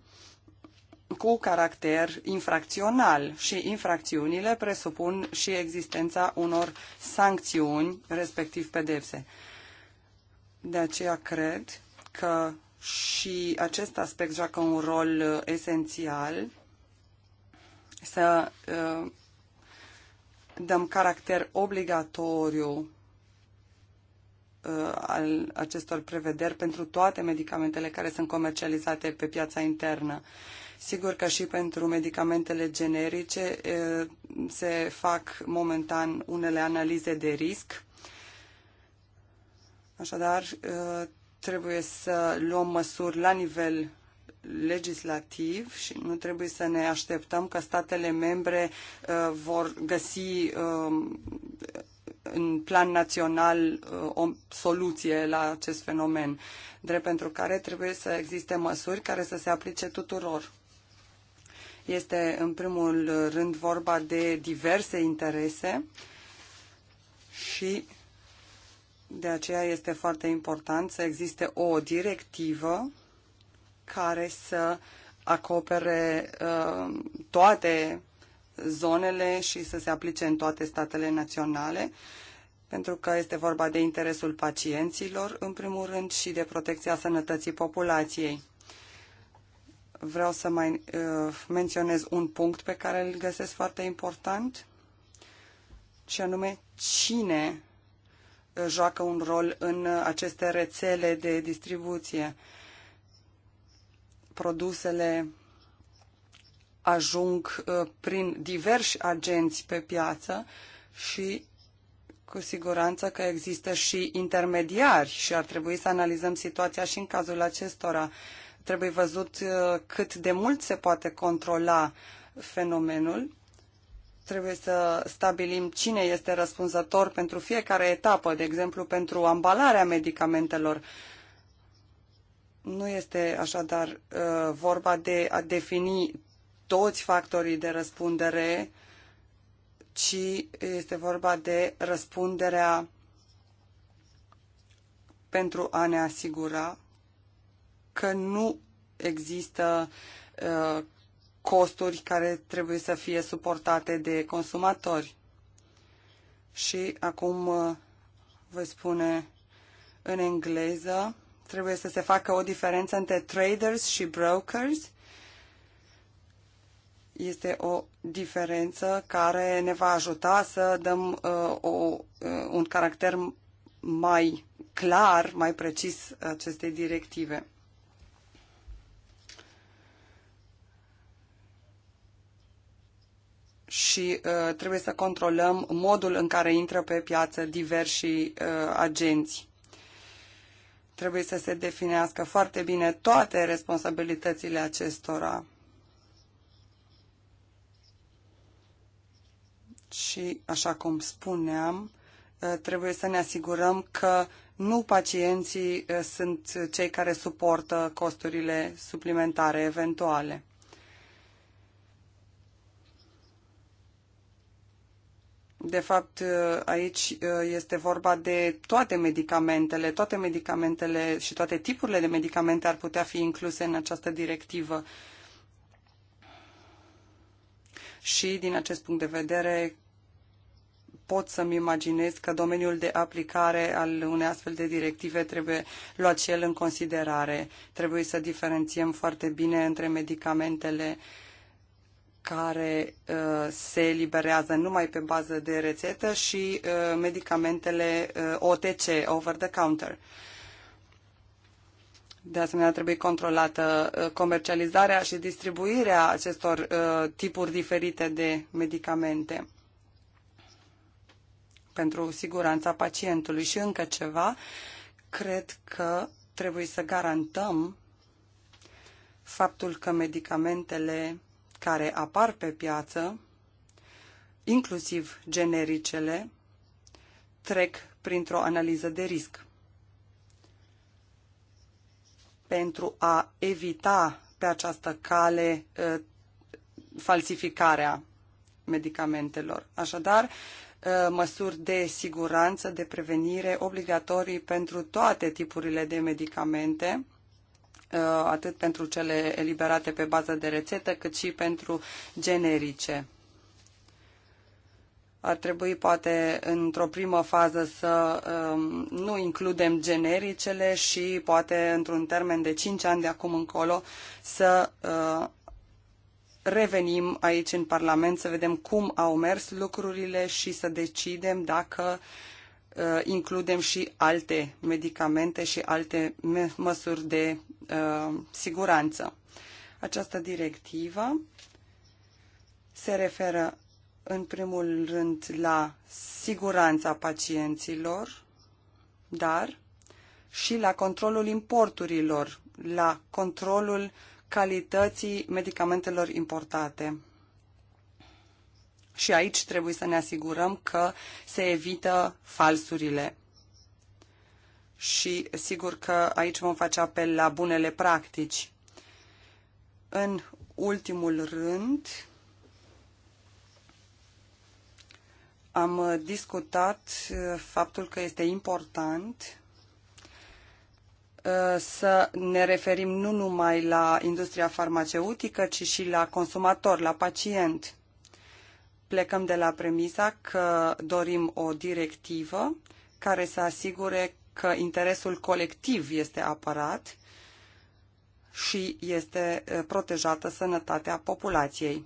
cu caracter infracțional și infracțiunile presupun și existența unor sancțiuni, respectiv pedepse. De aceea cred că și acest aspect joacă un rol uh, esențial să uh, dăm caracter obligatoriu uh, al acestor prevederi pentru toate medicamentele care sunt comercializate pe piața internă. Sigur că și pentru medicamentele generice uh, se fac momentan unele analize de risc. Așadar, uh, trebuie să luăm măsuri la nivel legislativ și nu trebuie să ne așteptăm că statele membre uh, vor găsi uh, în plan național uh, o soluție la acest fenomen, drept pentru care trebuie să existe măsuri care să se aplice tuturor. Este în primul rând vorba de diverse interese și de aceea este foarte important să existe o directivă care să acopere uh, toate zonele și să se aplice în toate statele naționale, pentru că este vorba de interesul pacienților, în primul rând, și de protecția sănătății populației. Vreau să mai uh, menționez un punct pe care îl găsesc foarte important, și anume cine uh, joacă un rol în uh, aceste rețele de distribuție. Uh, produsele ajung uh, prin diversi agenți pe piață și cu siguranță că există și intermediari și ar trebui să analizăm situația și în cazul acestora. Trebuie văzut uh, cât de mult se poate controla fenomenul. Trebuie să stabilim cine este răspunzător pentru fiecare etapă, de exemplu pentru ambalarea medicamentelor nu este așadar uh, vorba de a defini toți factorii de răspundere, ci este vorba de răspunderea pentru a ne asigura că nu există uh, costuri care trebuie să fie suportate de consumatori. Și acum uh, voi spune în engleză trebuie să se facă o diferență între traders și brokers. Este o diferență care ne va ajuta să dăm uh, o, uh, un caracter mai clar, mai precis acestei directive. și uh, trebuie să controlăm modul în care intră pe piață diversi uh, agenți. Trebuie să se definească foarte bine toate responsabilitățile acestora. Și, așa cum spuneam, ă, trebuie să ne asigurăm că nu pacienții ă, sunt cei care suportă costurile suplimentare eventuale. De fapt, aici uh, este vorba de toate medicamentele. Toate medicamentele și toate tipurile de medicamente ar putea fi incluse în această directivă. Și, din acest punct de vedere, pot să-mi imaginez că domeniul de aplicare al unei astfel de directive trebuie luat și el în considerare. Trebuie să diferențiem foarte bine între medicamentele uh, care uh, se eliberează numai pe bază de rețetă și uh, medicamentele uh, OTC, over the counter. De asemenea, trebuie controlată uh, comercializarea și distribuirea acestor uh, tipuri diferite de medicamente pentru siguranța pacientului. Și încă ceva, cred că trebuie să garantăm faptul că medicamentele care apar pe piață, inclusiv genericele, trec printr-o analiză de risc. Pentru a evita pe această cale ă, falsificarea medicamentelor. Așadar, ă, măsuri de siguranță, de prevenire obligatorii pentru toate tipurile de medicamente, Uh, atât pentru cele eliberate pe bază de rețetă, cât și pentru generice. Ar trebui poate într-o primă fază să um, nu includem genericele și poate într-un termen de 5 ani de acum încolo să uh, revenim aici în Parlament să vedem cum au mers lucrurile și să decidem dacă uh, Uh, includem și alte medicamente și alte măsuri de uh, siguranță. Această directivă se referă în primul rând la siguranța pacienților, dar și la controlul importurilor, la controlul calității medicamentelor importate. Și aici trebuie să ne asigurăm că se evită falsurile. Și sigur că aici vom face apel la bunele practici. În ultimul rând, am discutat uh, faptul că este important uh, să ne referim nu numai la industria farmaceutică, ci și la consumator, la pacient. Plecăm de la premisa că dorim o directivă care să asigure că interesul colectiv este apărat și este protejată sănătatea populației.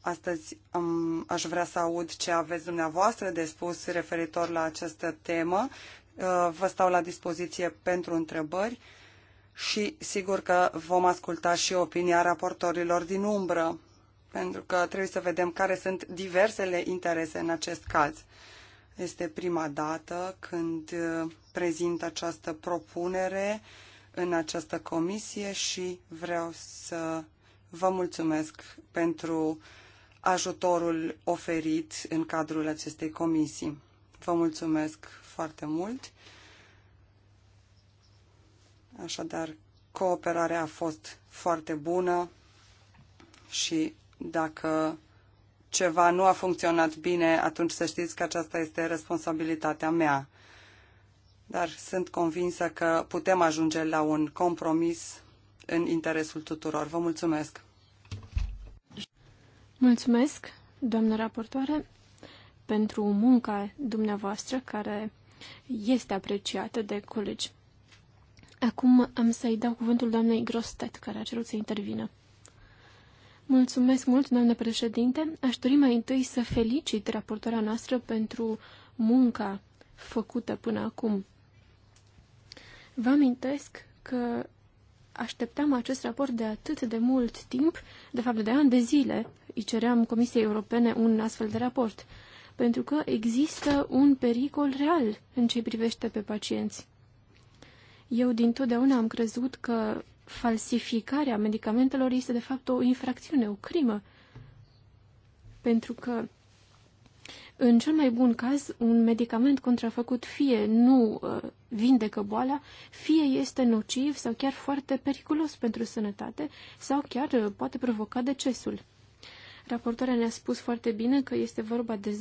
Astăzi um, aș vrea să aud ce aveți dumneavoastră de spus referitor la această temă. Uh, vă stau la dispoziție pentru întrebări și sigur că vom asculta și opinia raportorilor din umbră pentru că trebuie să vedem care sunt diversele interese în acest caz. Este prima dată când uh, prezint această propunere în această comisie și vreau să vă mulțumesc pentru ajutorul oferit în cadrul acestei comisii. Vă mulțumesc foarte mult. Așadar, cooperarea a fost foarte bună și dacă ceva nu a funcționat bine, atunci să știți că aceasta este responsabilitatea mea. Dar sunt convinsă că putem ajunge la un compromis în interesul tuturor. Vă mulțumesc! Mulțumesc, doamnă raportoare, pentru munca dumneavoastră care este apreciată de colegi. Acum am să-i dau cuvântul doamnei Grostet, care a cerut să intervină. Mulțumesc mult, doamnă președinte. Aș dori mai întâi să felicit raportoarea noastră pentru munca făcută până acum. Vă amintesc că așteptam acest raport de atât de mult timp, de fapt de ani de zile, îi ceream Comisiei Europene un astfel de raport, pentru că există un pericol real în ce privește pe pacienți. Eu din am crezut că falsificarea medicamentelor este de fapt o infracțiune, o crimă. Pentru că, în cel mai bun caz, un medicament contrafăcut fie nu uh, vindecă boala, fie este nociv sau chiar foarte periculos pentru sănătate sau chiar uh, poate provoca decesul. Raportoarea ne-a spus foarte bine că este vorba de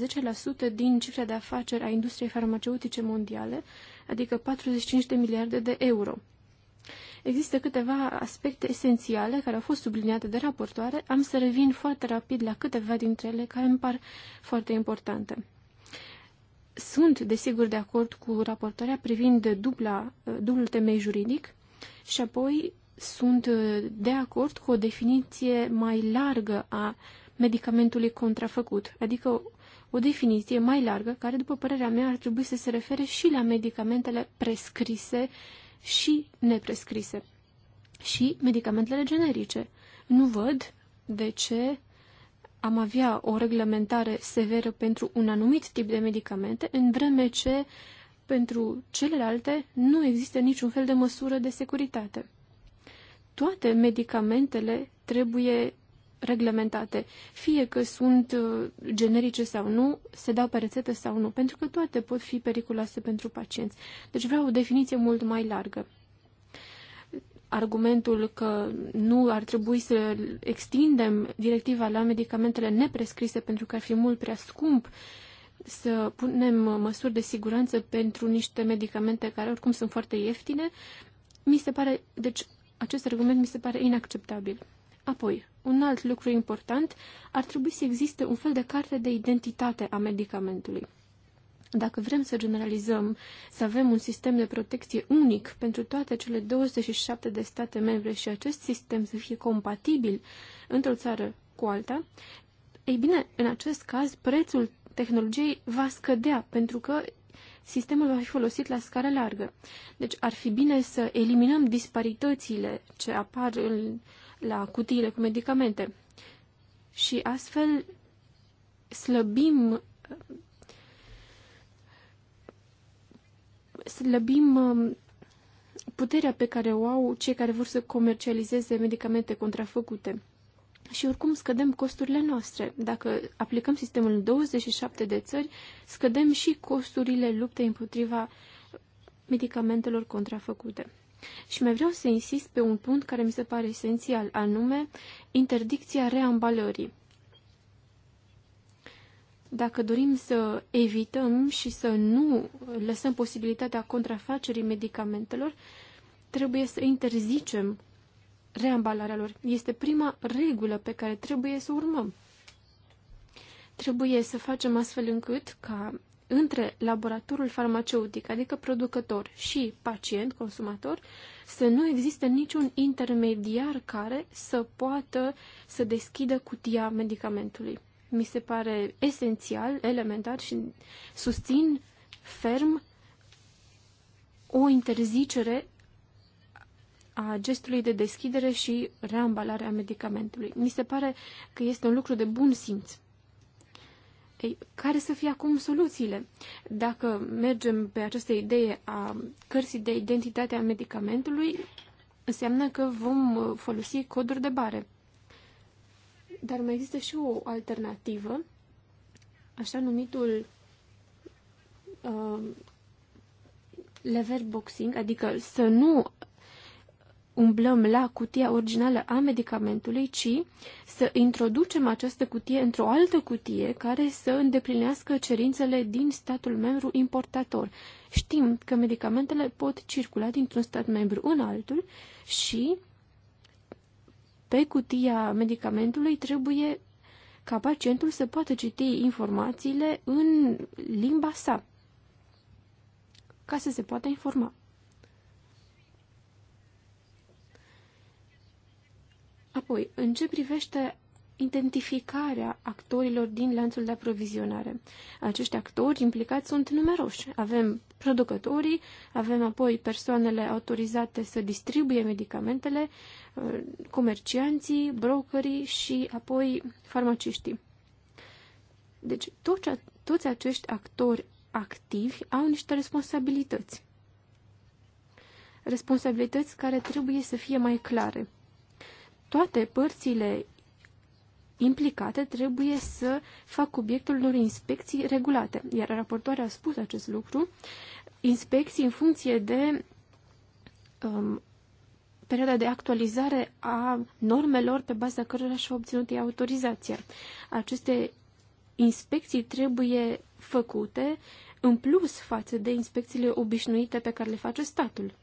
10% din cifra de afaceri a industriei farmaceutice mondiale, adică 45 de miliarde de euro. Există câteva aspecte esențiale care au fost subliniate de raportoare. Am să revin foarte rapid la câteva dintre ele care îmi par foarte importante. Sunt, desigur, de acord cu raportarea privind dubla, dublul temei juridic și apoi sunt de acord cu o definiție mai largă a medicamentului contrafăcut, adică o definiție mai largă care, după părerea mea, ar trebui să se refere și la medicamentele prescrise și neprescrise. Și medicamentele generice. Nu văd de ce am avea o reglementare severă pentru un anumit tip de medicamente, în vreme ce pentru celelalte nu există niciun fel de măsură de securitate. Toate medicamentele trebuie reglementate, fie că sunt uh, generice sau nu, se dau pe rețetă sau nu, pentru că toate pot fi periculoase pentru pacienți. Deci vreau o definiție mult mai largă. Argumentul că nu ar trebui să extindem directiva la medicamentele neprescrise pentru că ar fi mult prea scump, să punem măsuri de siguranță pentru niște medicamente care oricum sunt foarte ieftine, mi se pare, deci acest argument mi se pare inacceptabil. Apoi, un alt lucru important, ar trebui să existe un fel de carte de identitate a medicamentului. Dacă vrem să generalizăm, să avem un sistem de protecție unic pentru toate cele 27 de state membre și acest sistem să fie compatibil într-o țară cu alta, ei bine, în acest caz, prețul tehnologiei va scădea pentru că sistemul va fi folosit la scară largă. Deci ar fi bine să eliminăm disparitățile ce apar în la cutiile cu medicamente. Și astfel slăbim slăbim um, puterea pe care o au cei care vor să comercializeze medicamente contrafăcute. Și oricum scădem costurile noastre. Dacă aplicăm sistemul în 27 de țări, scădem și costurile luptei împotriva medicamentelor contrafăcute. Și mai vreau să insist pe un punct care mi se pare esențial, anume interdicția reambalării. Dacă dorim să evităm și să nu lăsăm posibilitatea contrafacerii medicamentelor, trebuie să interzicem reambalarea lor. Este prima regulă pe care trebuie să urmăm. Trebuie să facem astfel încât ca între laboratorul farmaceutic, adică producător, și pacient, consumator, să nu existe niciun intermediar care să poată să deschidă cutia medicamentului. Mi se pare esențial, elementar și susțin ferm o interzicere a gestului de deschidere și reambalare a medicamentului. Mi se pare că este un lucru de bun simț. Ei, care să fie acum soluțiile? Dacă mergem pe această idee a cărții de identitate a medicamentului, înseamnă că vom folosi coduri de bare. Dar mai există și o alternativă, așa numitul uh, level boxing, adică să nu umblăm la cutia originală a medicamentului, ci să introducem această cutie într-o altă cutie care să îndeplinească cerințele din statul membru importator. Știm că medicamentele pot circula dintr-un stat membru în altul și pe cutia medicamentului trebuie ca pacientul să poată citi informațiile în limba sa ca să se poată informa. Apoi, în ce privește identificarea actorilor din lanțul de aprovizionare. Acești actori implicați sunt numeroși. Avem producătorii, avem apoi persoanele autorizate să distribuie medicamentele, uh, comercianții, brokerii și apoi farmaciștii. Deci toți, toți acești actori activi au niște responsabilități. Responsabilități care trebuie să fie mai clare toate părțile implicate trebuie să fac obiectul unor inspecții regulate. Iar raportoarea a spus acest lucru, inspecții în funcție de um, perioada de actualizare a normelor pe baza cărora și-a obținut ei autorizația. Aceste inspecții trebuie făcute în plus față de inspecțiile obișnuite pe care le face statul.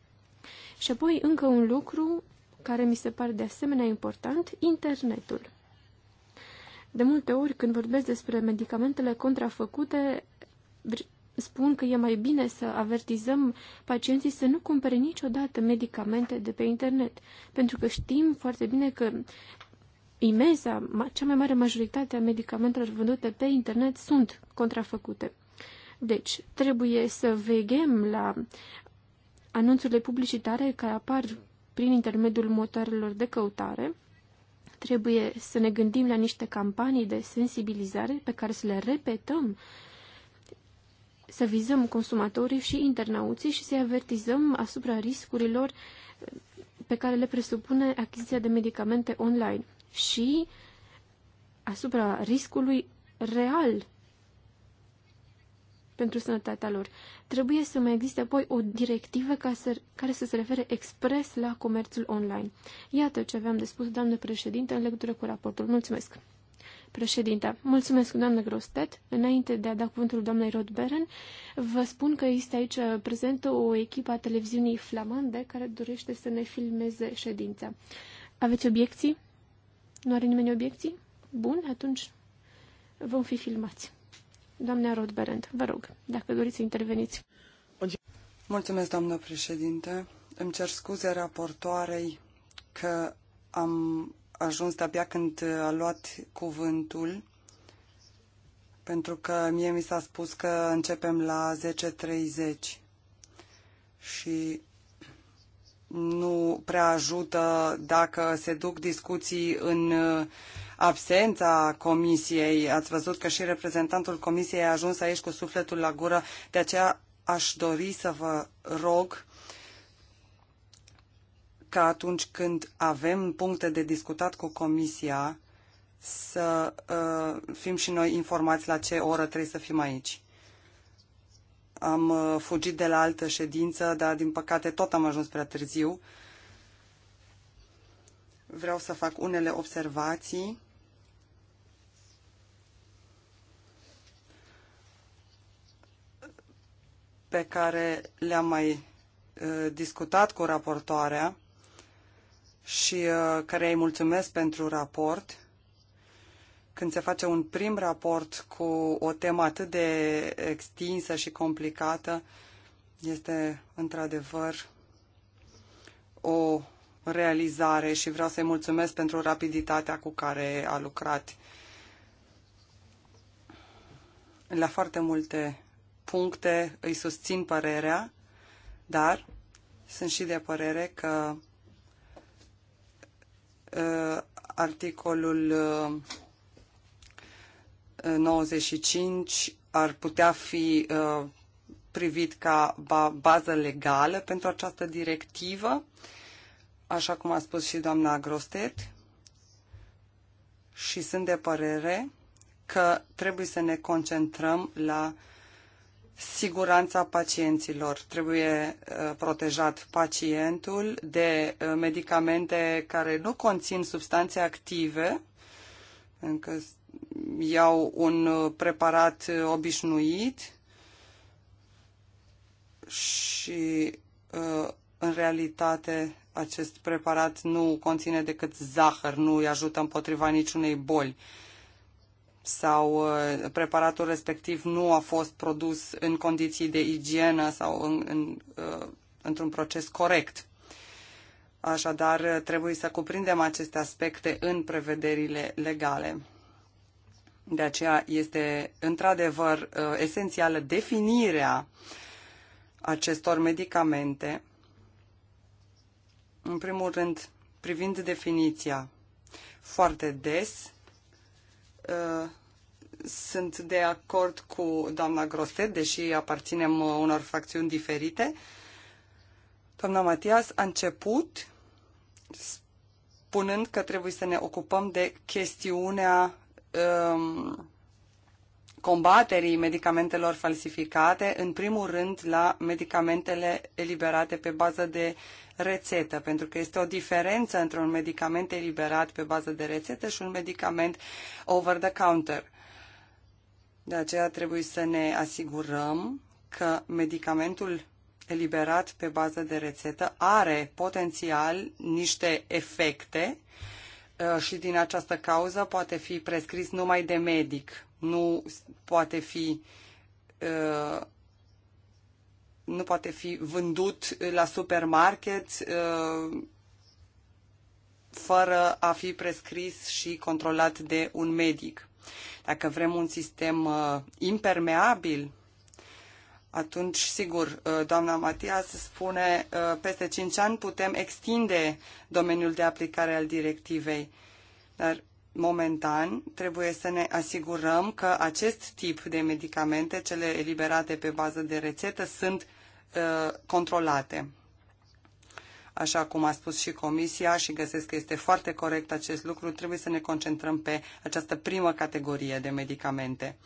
Și apoi încă un lucru care mi se pare de asemenea important, internetul. De multe ori, când vorbesc despre medicamentele contrafăcute, spun că e mai bine să avertizăm pacienții să nu cumpere niciodată medicamente de pe internet, pentru că știm foarte bine că imensa, cea mai mare majoritate a medicamentelor vândute pe internet sunt contrafăcute. Deci, trebuie să veghem la anunțurile publicitare care apar prin intermediul motoarelor de căutare, trebuie să ne gândim la niște campanii de sensibilizare pe care să le repetăm, să vizăm consumatorii și internauții și să-i avertizăm asupra riscurilor pe care le presupune achiziția de medicamente online și asupra riscului real pentru sănătatea lor. Trebuie să mai existe apoi o directivă ca să, care să se refere expres la comerțul online. Iată ce aveam de spus, doamnă președinte, în legătură cu raportul. Mulțumesc! Președinte, mulțumesc, doamnă Grostet. Înainte de a da cuvântul doamnei Rodberen, vă spun că este aici prezentă o echipă a televiziunii flamande care dorește să ne filmeze ședința. Aveți obiecții? Nu are nimeni obiecții? Bun, atunci vom fi filmați. Doamna Rodberent, vă rog, dacă doriți să interveniți. Mulțumesc, doamnă președinte. Îmi cer scuze raportoarei că am ajuns de-abia când a luat cuvântul, pentru că mie mi s-a spus că începem la 10.30 și nu prea ajută dacă se duc discuții în uh, absența comisiei. Ați văzut că și reprezentantul comisiei a ajuns aici cu sufletul la gură, de aceea aș dori să vă rog ca atunci când avem puncte de discutat cu comisia să uh, fim și noi informați la ce oră trebuie să fim aici. Am uh, fugit de la altă ședință, dar din păcate tot am ajuns prea târziu. Vreau să fac unele observații. pe care le-am mai uh, discutat cu raportoarea și uh, care îi mulțumesc pentru raport când se face un prim raport cu o temă atât de extinsă și complicată, este într-adevăr o realizare și vreau să-i mulțumesc pentru rapiditatea cu care a lucrat la foarte multe puncte îi susțin părerea, dar sunt și de părere că uh, articolul uh, 95 ar putea fi uh, privit ca bază legală pentru această directivă, așa cum a spus și doamna Grostet, și sunt de părere că trebuie să ne concentrăm la siguranța pacienților. Trebuie uh, protejat pacientul de uh, medicamente care nu conțin substanțe active, încă iau un uh, preparat uh, obișnuit și uh, în realitate acest preparat nu conține decât zahăr, nu îi ajută împotriva niciunei boli sau preparatul respectiv nu a fost produs în condiții de igienă sau în, în, într-un proces corect. Așadar, trebuie să cuprindem aceste aspecte în prevederile legale. De aceea este într-adevăr uh, esențială definirea acestor medicamente. În primul rând, privind definiția, foarte des uh, sunt de acord cu doamna Grostet, deși aparținem uh, unor fracțiuni diferite. Doamna Matias a început spunând că trebuie să ne ocupăm de chestiunea Um, combaterii medicamentelor falsificate, în primul rând la medicamentele eliberate pe bază de rețetă, pentru că este o diferență între un medicament eliberat pe bază de rețetă și un medicament over the counter. De aceea trebuie să ne asigurăm că medicamentul eliberat pe bază de rețetă are potențial niște efecte uh, Uh, și din această cauză poate fi prescris numai de medic, nu poate fi uh, nu poate fi vândut la supermarket uh, fără a fi prescris și controlat de un medic. Dacă vrem un sistem impermeabil atunci, sigur, uh, doamna Matias spune, uh, peste 5 ani putem extinde domeniul de aplicare al directivei. Dar, momentan, trebuie să ne asigurăm că acest tip de medicamente, cele eliberate pe bază de rețetă, sunt uh, controlate. Așa cum a spus și Comisia și găsesc că este foarte corect acest lucru, trebuie să ne concentrăm pe această primă categorie de medicamente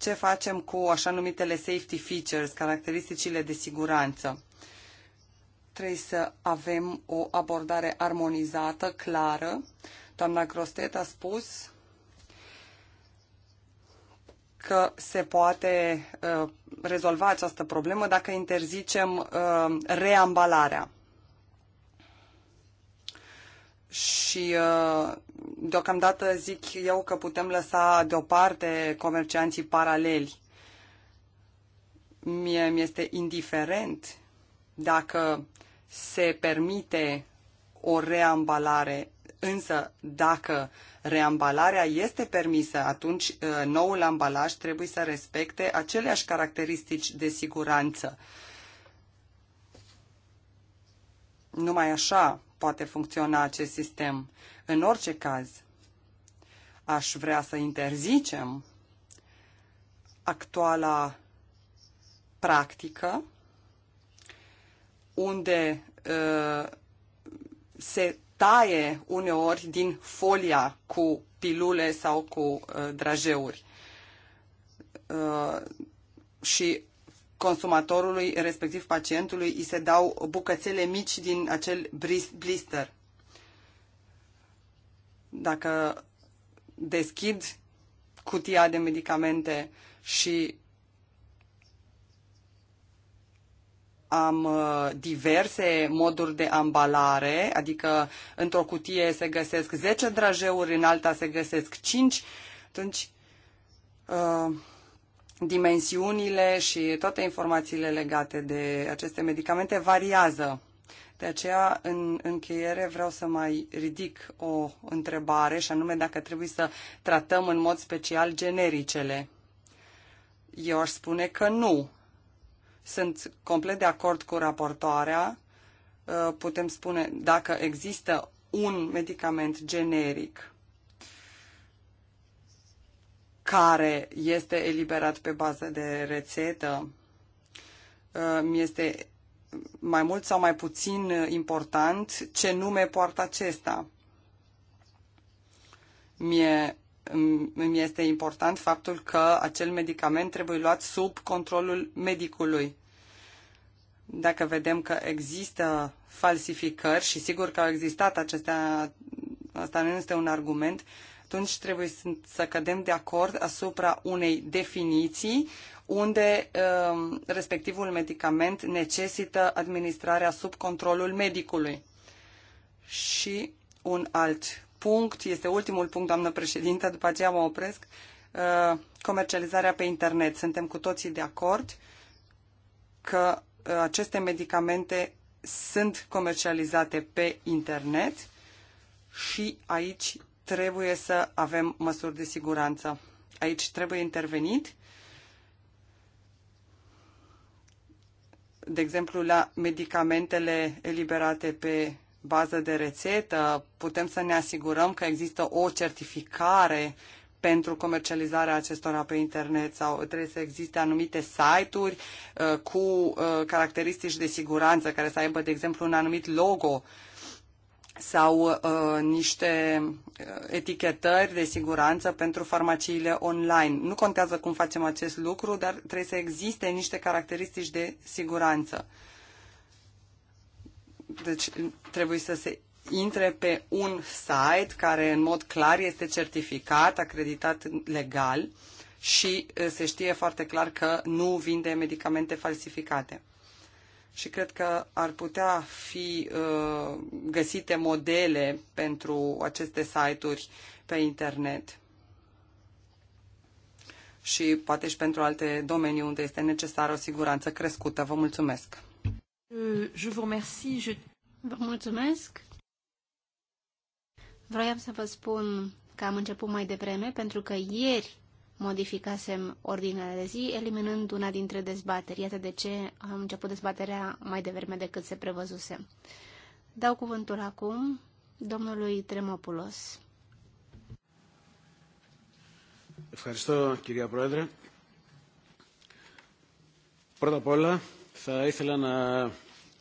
ce facem cu așa numitele safety features, caracteristicile de siguranță. Trebuie să avem o abordare armonizată, clară. Doamna Grostet a spus că se poate uh, rezolva această problemă dacă interzicem uh, reambalarea. Și uh, deocamdată zic eu că putem lăsa deoparte comercianții paraleli. Mie mi este indiferent dacă se permite o reambalare, însă dacă reambalarea este permisă, atunci uh, noul ambalaj trebuie să respecte aceleași caracteristici de siguranță. Numai așa poate funcționa acest sistem. În orice caz, aș vrea să interzicem actuala practică unde uh, se taie uneori din folia cu pilule sau cu uh, drajeuri. Uh, și consumatorului, respectiv pacientului, îi se dau bucățele mici din acel blister. Dacă deschid cutia de medicamente și am uh, diverse moduri de ambalare, adică într-o cutie se găsesc 10 drajeuri, în alta se găsesc 5, atunci uh, dimensiunile și toate informațiile legate de aceste medicamente variază. De aceea, în încheiere, vreau să mai ridic o întrebare, și anume dacă trebuie să tratăm în mod special genericele. Eu aș spune că nu. Sunt complet de acord cu raportoarea. Uh, putem spune dacă există un medicament generic care este eliberat pe bază de rețetă, uh, mi este mai mult sau mai puțin important ce nume poartă acesta. Mie îmi este important faptul că acel medicament trebuie luat sub controlul medicului. Dacă vedem că există falsificări și sigur că au existat acestea, asta nu este un argument, atunci trebuie să cădem de acord asupra unei definiții, unde um, respectivul medicament necesită administrarea sub controlul medicului. Și un alt punct, este ultimul punct, doamnă președintă, după aceea mă opresc, uh, comercializarea pe internet. Suntem cu toții de acord că uh, aceste medicamente sunt comercializate pe internet și aici trebuie să avem măsuri de siguranță. Aici trebuie intervenit de exemplu, la medicamentele eliberate pe bază de rețetă, putem să ne asigurăm că există o certificare pentru comercializarea acestora pe internet sau trebuie să existe anumite site-uri uh, cu uh, caracteristici de siguranță care să aibă, de exemplu, un anumit logo uh, sau uh, niște uh, etichetări de siguranță pentru farmaciile online. Nu contează cum facem acest lucru, dar trebuie să existe niște caracteristici de siguranță. Deci trebuie să se intre pe un site care în mod clar este certificat, acreditat legal și uh, se știe foarte clar că nu vinde medicamente falsificate și cred că ar putea fi uh, găsite modele pentru aceste site-uri pe internet și poate și pentru alte domenii unde este necesară o siguranță crescută. Vă mulțumesc! Je vous remercie. Je... Vă mulțumesc! Vroiam să vă spun că am început mai devreme pentru că ieri modificasem ordinea de zi, eliminând una dintre dezbateri. Iată de ce am început dezbaterea mai devreme decât se prevăzuse. Dau cuvântul acum domnului Tremopulos. Ευχαριστώ, κυρία Πρόεδρε. Πρώτα απ' όλα, θα ήθελα να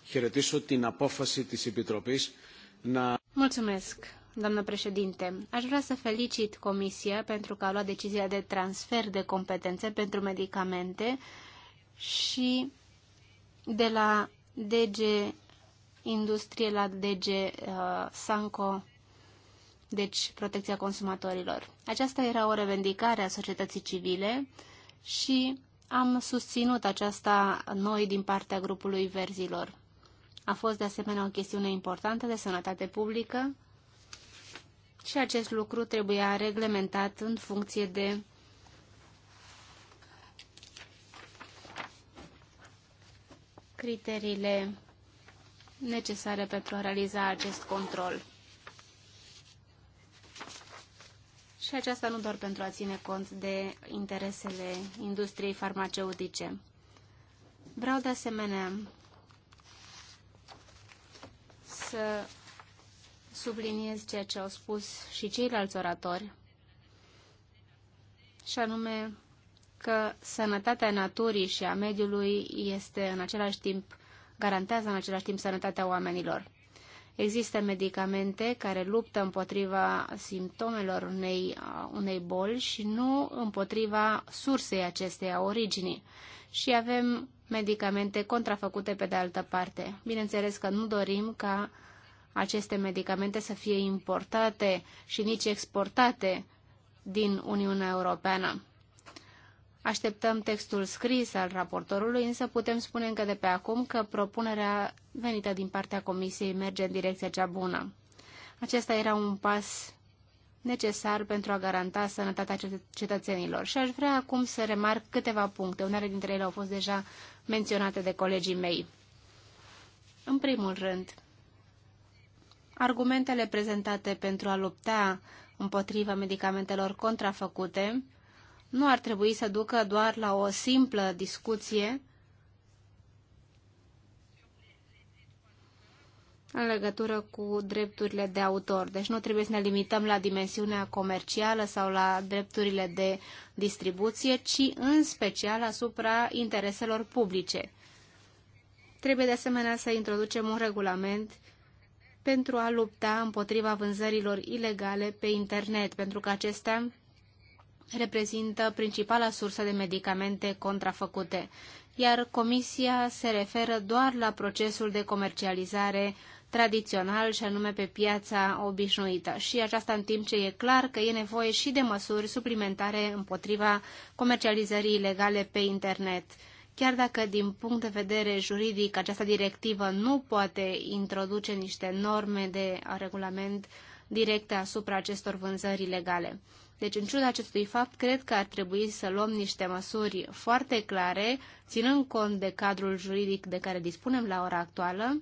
χαιρετήσω την απόφαση της Επιτροπής να... Mulțumesc, doamnă președinte. Aș vrea să felicit Comisia pentru că a luat decizia de transfer de competențe pentru medicamente și de la DG Industrie la DG uh, Sanco, deci protecția consumatorilor. Aceasta era o revendicare a societății civile și am susținut aceasta noi din partea grupului verzilor. A fost de asemenea o chestiune importantă de sănătate publică și acest lucru trebuia reglementat în funcție de criteriile necesare pentru a realiza acest control. Și aceasta nu doar pentru a ține cont de interesele industriei farmaceutice. Vreau de asemenea să subliniez ceea ce au spus și ceilalți oratori, și anume că sănătatea naturii și a mediului este în același timp, garantează în același timp sănătatea oamenilor. Există medicamente care luptă împotriva simptomelor unei, uh, unei boli și nu împotriva sursei acesteia, originii. Și avem medicamente contrafăcute pe de altă parte. Bineînțeles că nu dorim ca aceste medicamente să fie importate și nici exportate din Uniunea Europeană. Așteptăm textul scris al raportorului, însă putem spune încă de pe acum că propunerea venită din partea Comisiei merge în direcția cea bună. Acesta era un pas necesar pentru a garanta sănătatea cetățenilor. Și aș vrea acum să remarc câteva puncte. Unele dintre ele au fost deja menționate de colegii mei. În primul rând, argumentele prezentate pentru a lupta împotriva medicamentelor contrafăcute nu ar trebui să ducă doar la o simplă discuție în legătură cu drepturile de autor. Deci nu trebuie să ne limităm la dimensiunea comercială sau la drepturile de distribuție, ci în special asupra intereselor publice. Trebuie de asemenea să introducem un regulament pentru a lupta împotriva vânzărilor ilegale pe internet, pentru că acestea reprezintă principala sursă de medicamente contrafăcute, iar Comisia se referă doar la procesul de comercializare tradițional și anume pe piața obișnuită. Și aceasta în timp ce e clar că e nevoie și de măsuri suplimentare împotriva comercializării ilegale pe internet. Chiar dacă din punct de vedere juridic această directivă nu poate introduce niște norme de regulament directe asupra acestor vânzări ilegale. Deci, în ciuda acestui fapt, cred că ar trebui să luăm niște măsuri foarte clare, ținând cont de cadrul juridic de care dispunem la ora actuală.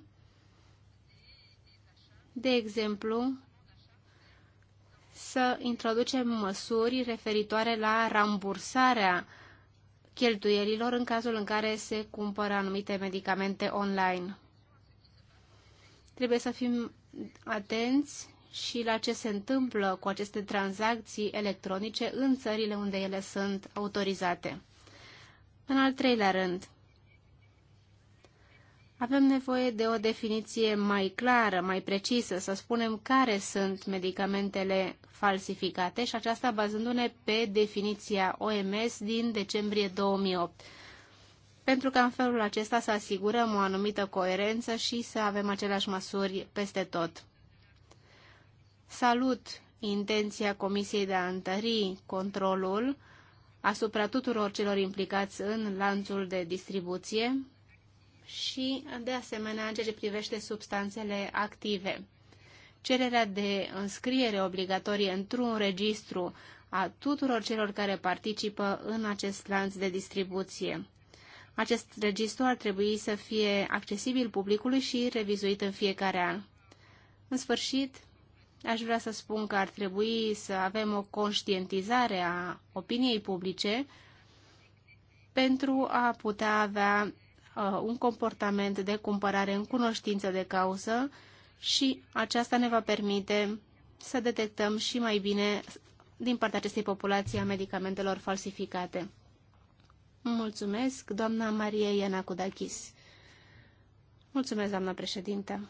De exemplu, să introducem măsuri referitoare la rambursarea cheltuielilor în cazul în care se cumpără anumite medicamente online. Trebuie să fim atenți și la ce se întâmplă cu aceste tranzacții electronice în țările unde ele sunt autorizate. În al treilea rând, avem nevoie de o definiție mai clară, mai precisă, să spunem care sunt medicamentele falsificate și aceasta bazându-ne pe definiția OMS din decembrie 2008 pentru că în felul acesta să asigurăm o anumită coerență și să avem aceleași măsuri peste tot. Salut intenția Comisiei de a întări controlul asupra tuturor celor implicați în lanțul de distribuție, și, de asemenea, în ceea ce privește substanțele active. Cererea de înscriere obligatorie într-un registru a tuturor celor care participă în acest lanț de distribuție. Acest registru ar trebui să fie accesibil publicului și revizuit în fiecare an. În sfârșit, aș vrea să spun că ar trebui să avem o conștientizare a opiniei publice pentru a putea avea Uh, un comportament de cumpărare în cunoștință de cauză și aceasta ne va permite să detectăm și mai bine din partea acestei populații a medicamentelor falsificate. Mulțumesc, doamna Maria Iana Kudakis. Mulțumesc, doamna președintă.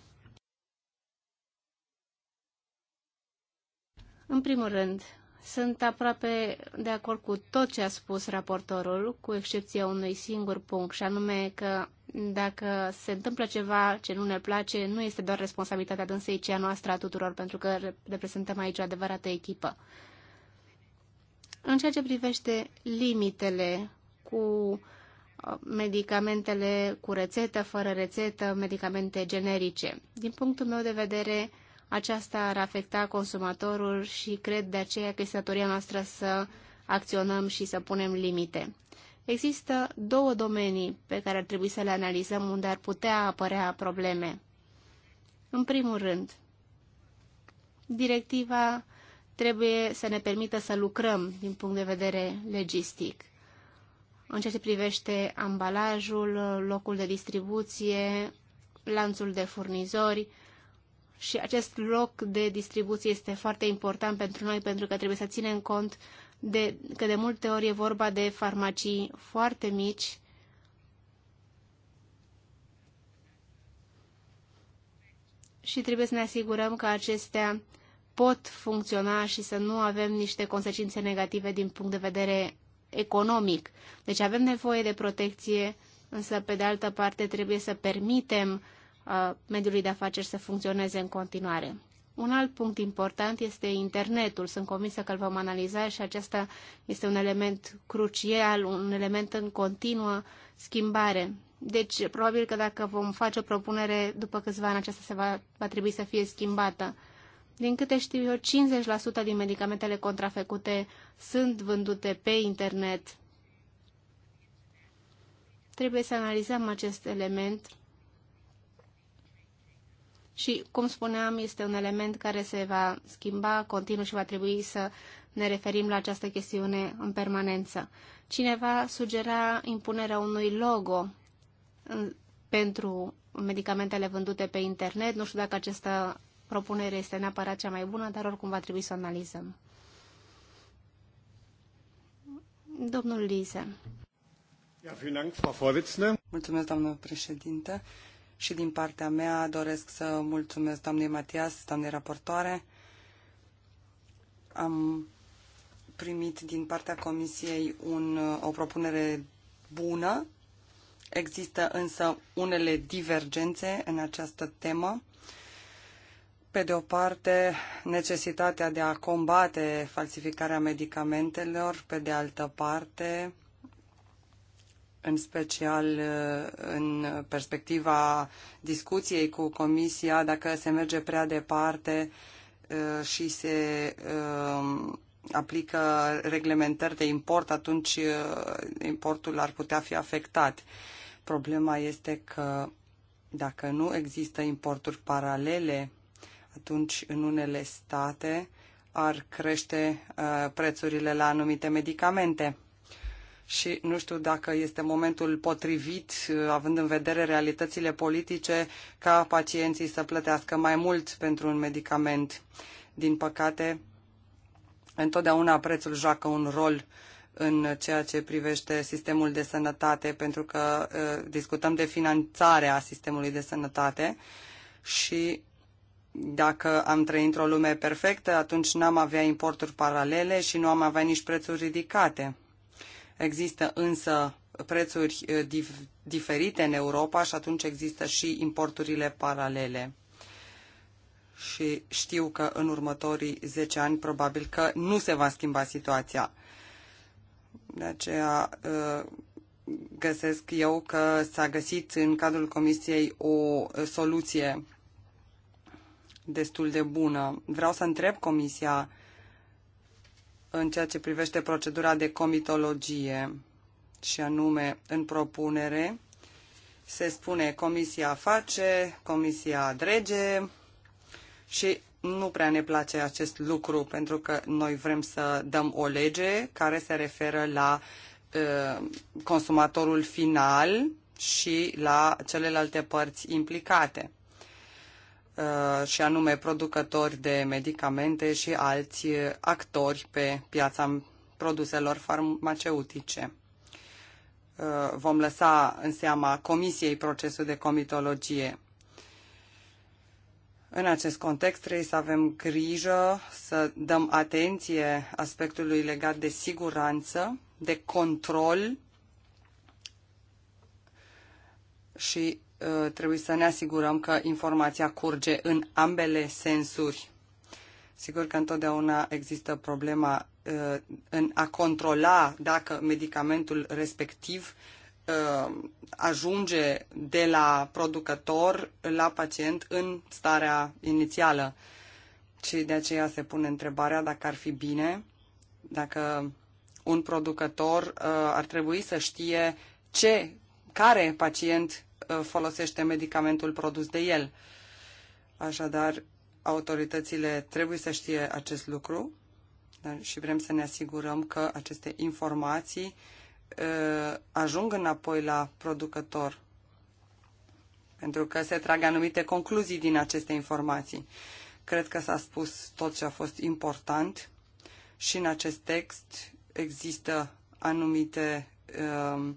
În primul rând, sunt aproape de acord cu tot ce a spus raportorul, cu excepția unui singur punct, și anume că dacă se întâmplă ceva ce nu ne place, nu este doar responsabilitatea dânsei, ci a noastră a tuturor, pentru că reprezentăm aici o adevărată echipă. În ceea ce privește limitele cu uh, medicamentele cu rețetă, fără rețetă, medicamente generice, din punctul meu de vedere, aceasta ar afecta consumatorul și cred de aceea că este datoria noastră să acționăm și să punem limite. Există două domenii pe care ar trebui să le analizăm unde ar putea apărea probleme. În primul rând, directiva trebuie să ne permită să lucrăm din punct de vedere legistic. În ceea ce privește ambalajul, locul de distribuție, lanțul de furnizori, și acest loc de distribuție este foarte important pentru noi pentru că trebuie să ținem cont de, că de multe ori e vorba de farmacii foarte mici și trebuie să ne asigurăm că acestea pot funcționa și să nu avem niște consecințe negative din punct de vedere economic. Deci avem nevoie de protecție, însă pe de altă parte trebuie să permitem uh, mediului de afaceri să funcționeze în continuare. Un alt punct important este internetul. Sunt convinsă că îl vom analiza și acesta este un element crucial, un element în continuă schimbare. Deci, probabil că dacă vom face o propunere, după câțiva ani aceasta se va, va trebui să fie schimbată. Din câte știu eu, 50% din medicamentele contrafăcute sunt vândute pe internet. Trebuie să analizăm acest element și, cum spuneam, este un element care se va schimba continuu și va trebui să ne referim la această chestiune în permanență. Cineva sugera impunerea unui logo pentru medicamentele vândute pe internet. Nu știu dacă această propunere este neapărat cea mai bună, dar oricum va trebui să o analizăm. Domnul Lise. Mulțumesc, doamnă președinte și din partea mea doresc să mulțumesc doamnei Matias, doamnei raportoare. Am primit din partea Comisiei un, o propunere bună. Există însă unele divergențe în această temă. Pe de o parte, necesitatea de a combate falsificarea medicamentelor, pe de altă parte, în special uh, în perspectiva discuției cu Comisia, dacă se merge prea departe uh, și se um, aplică reglementări de import, atunci uh, importul ar putea fi afectat. Problema este că dacă nu există importuri paralele, atunci în unele state ar crește prețurile la anumite medicamente și nu știu dacă este momentul potrivit, uh, având în vedere realitățile politice, ca pacienții să plătească mai mult pentru un medicament. Din păcate, întotdeauna prețul joacă un rol în ceea ce privește sistemul de sănătate, pentru că uh, discutăm de finanțarea sistemului de sănătate și dacă am trăit într-o lume perfectă, atunci n-am avea importuri paralele și nu am avea nici prețuri ridicate. Există însă prețuri eh, diferite în Europa și atunci există și importurile paralele. Și știu că în următorii 10 ani probabil că nu se va schimba situația. De aceea eh, găsesc eu că s-a găsit în cadrul Comisiei o eh, soluție destul de bună. Vreau să întreb Comisia în ceea ce privește procedura de comitologie și anume în propunere se spune comisia face, comisia drege și nu prea ne place acest lucru pentru că noi vrem să dăm o lege care se referă la uh, consumatorul final și la celelalte părți implicate. Uh, și anume producători de medicamente și alți actori pe piața produselor farmaceutice. Uh, vom lăsa în seama Comisiei procesul de comitologie. În acest context trebuie să avem grijă să dăm atenție aspectului legat de siguranță, de control și Uh, trebuie să ne asigurăm că informația curge în ambele sensuri. Sigur că întotdeauna există problema uh, în a controla dacă medicamentul respectiv uh, ajunge de la producător la pacient în starea inițială. Și de aceea se pune întrebarea dacă ar fi bine, dacă un producător ar trebui să știe ce, care pacient Uh, folosește medicamentul produs de el. Așadar, autoritățile trebuie să știe acest lucru și vrem să ne asigurăm că aceste informații uh, ajung înapoi la producător pentru că se trag anumite concluzii din aceste informații. Cred că s-a spus tot ce a fost important și în acest text există anumite uh,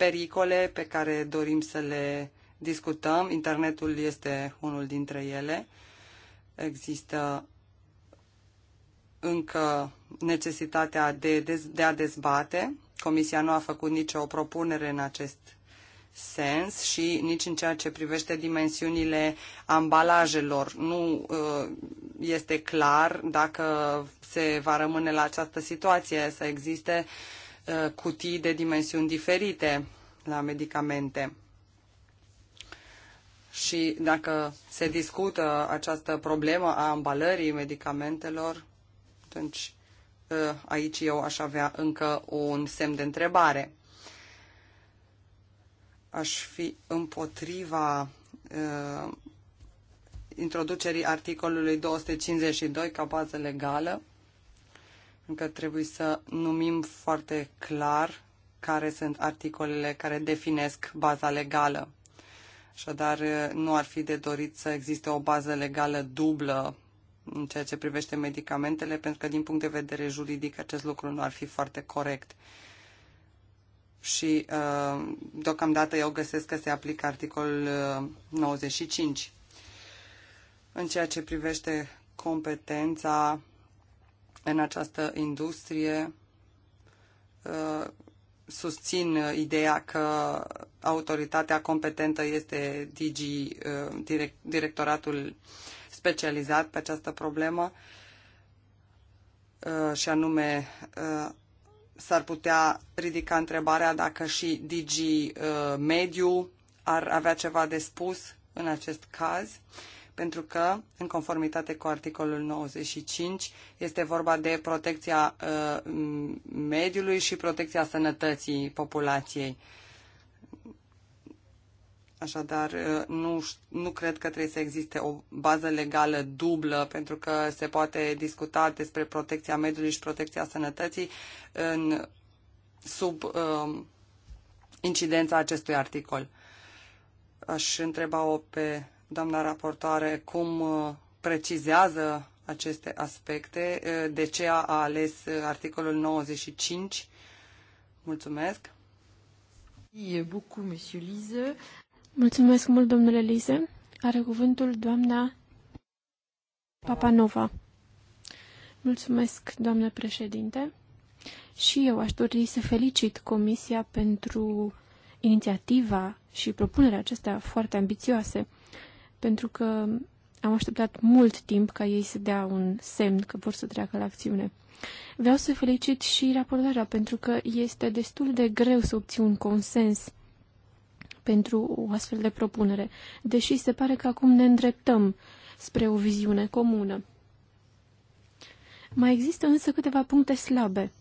pericole pe care dorim să le discutăm. Internetul este unul dintre ele. Există încă necesitatea de, de, de a dezbate. Comisia nu a făcut nicio propunere în acest sens și nici în ceea ce privește dimensiunile ambalajelor. Nu uh, este clar dacă se va rămâne la această situație, să existe uh, Uh, cutii de dimensiuni diferite la medicamente. Și dacă se discută această problemă a ambalării medicamentelor, atunci uh, aici eu aș avea încă un semn de întrebare. Aș fi împotriva uh, introducerii articolului 252 ca bază legală încă trebuie să numim foarte clar care sunt articolele care definesc baza legală. Așadar, nu ar fi de dorit să existe o bază legală dublă în ceea ce privește medicamentele, pentru că din punct de vedere juridic acest lucru nu ar fi foarte corect. Și uh, deocamdată eu găsesc că se aplică articolul 95. Uh, în ceea ce privește competența în această industrie uh, susțin ideea că autoritatea competentă este DG, uh, directoratul specializat pe această problemă uh, și anume s-ar putea ridica întrebarea dacă și DG Mediu ar avea ceva de spus în acest caz. Uh, pentru că, în conformitate cu articolul 95, este vorba de protecția uh, mediului și protecția sănătății populației. Așadar, uh, nu, nu cred că trebuie să existe o bază legală dublă, pentru că se poate discuta despre protecția mediului și protecția sănătății în, sub um, incidența acestui articol. Aș întreba-o pe doamna raportoare cum uh, precizează aceste aspecte, uh, de ce a ales uh, articolul 95. Mulțumesc. Mulțumesc mult, domnule Lise. Are cuvântul doamna Papanova. Mulțumesc, doamnă președinte. Și eu aș dori să felicit Comisia pentru inițiativa și propunerea acestea foarte ambițioase pentru că am așteptat mult timp ca ei să dea un semn că vor să treacă la acțiune. Vreau să felicit și raportarea, pentru că este destul de greu să obții un consens pentru o astfel de propunere, deși se pare că acum ne îndreptăm spre o viziune comună. Mai există însă câteva puncte slabe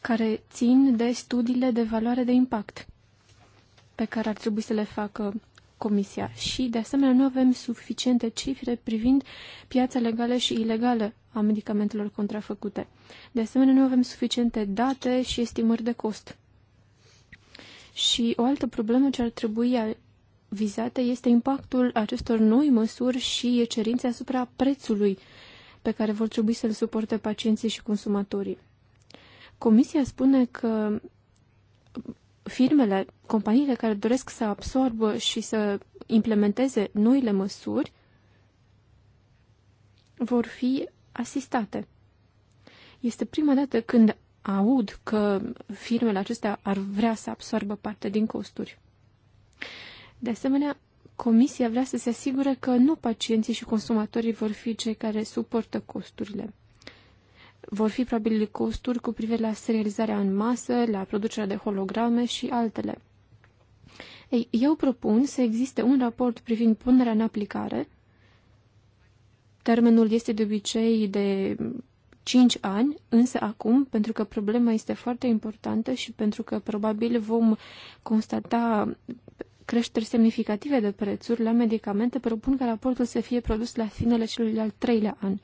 care țin de studiile de valoare de impact pe care ar trebui să le facă Comisia. Și, de asemenea, nu avem suficiente cifre privind piața legală și ilegală a medicamentelor contrafăcute. De asemenea, nu avem suficiente date și estimări de cost. Și o altă problemă ce ar trebui vizată este impactul acestor noi măsuri și cerințe asupra prețului pe care vor trebui să-l suporte pacienții și consumatorii. Comisia spune că firmele, companiile care doresc să absorbă și să implementeze noile măsuri vor fi asistate. Este prima dată când aud că firmele acestea ar vrea să absorbă parte din costuri. De asemenea, Comisia vrea să se asigure că nu pacienții și consumatorii vor fi cei care suportă costurile vor fi probabil costuri cu privire la serializarea în masă, la producerea de holograme și altele. Ei, eu propun să existe un raport privind punerea în aplicare. Termenul este de obicei de 5 ani, însă acum, pentru că problema este foarte importantă și pentru că probabil vom constata creșteri semnificative de prețuri la medicamente, propun ca raportul să fie produs la finele celui al treilea an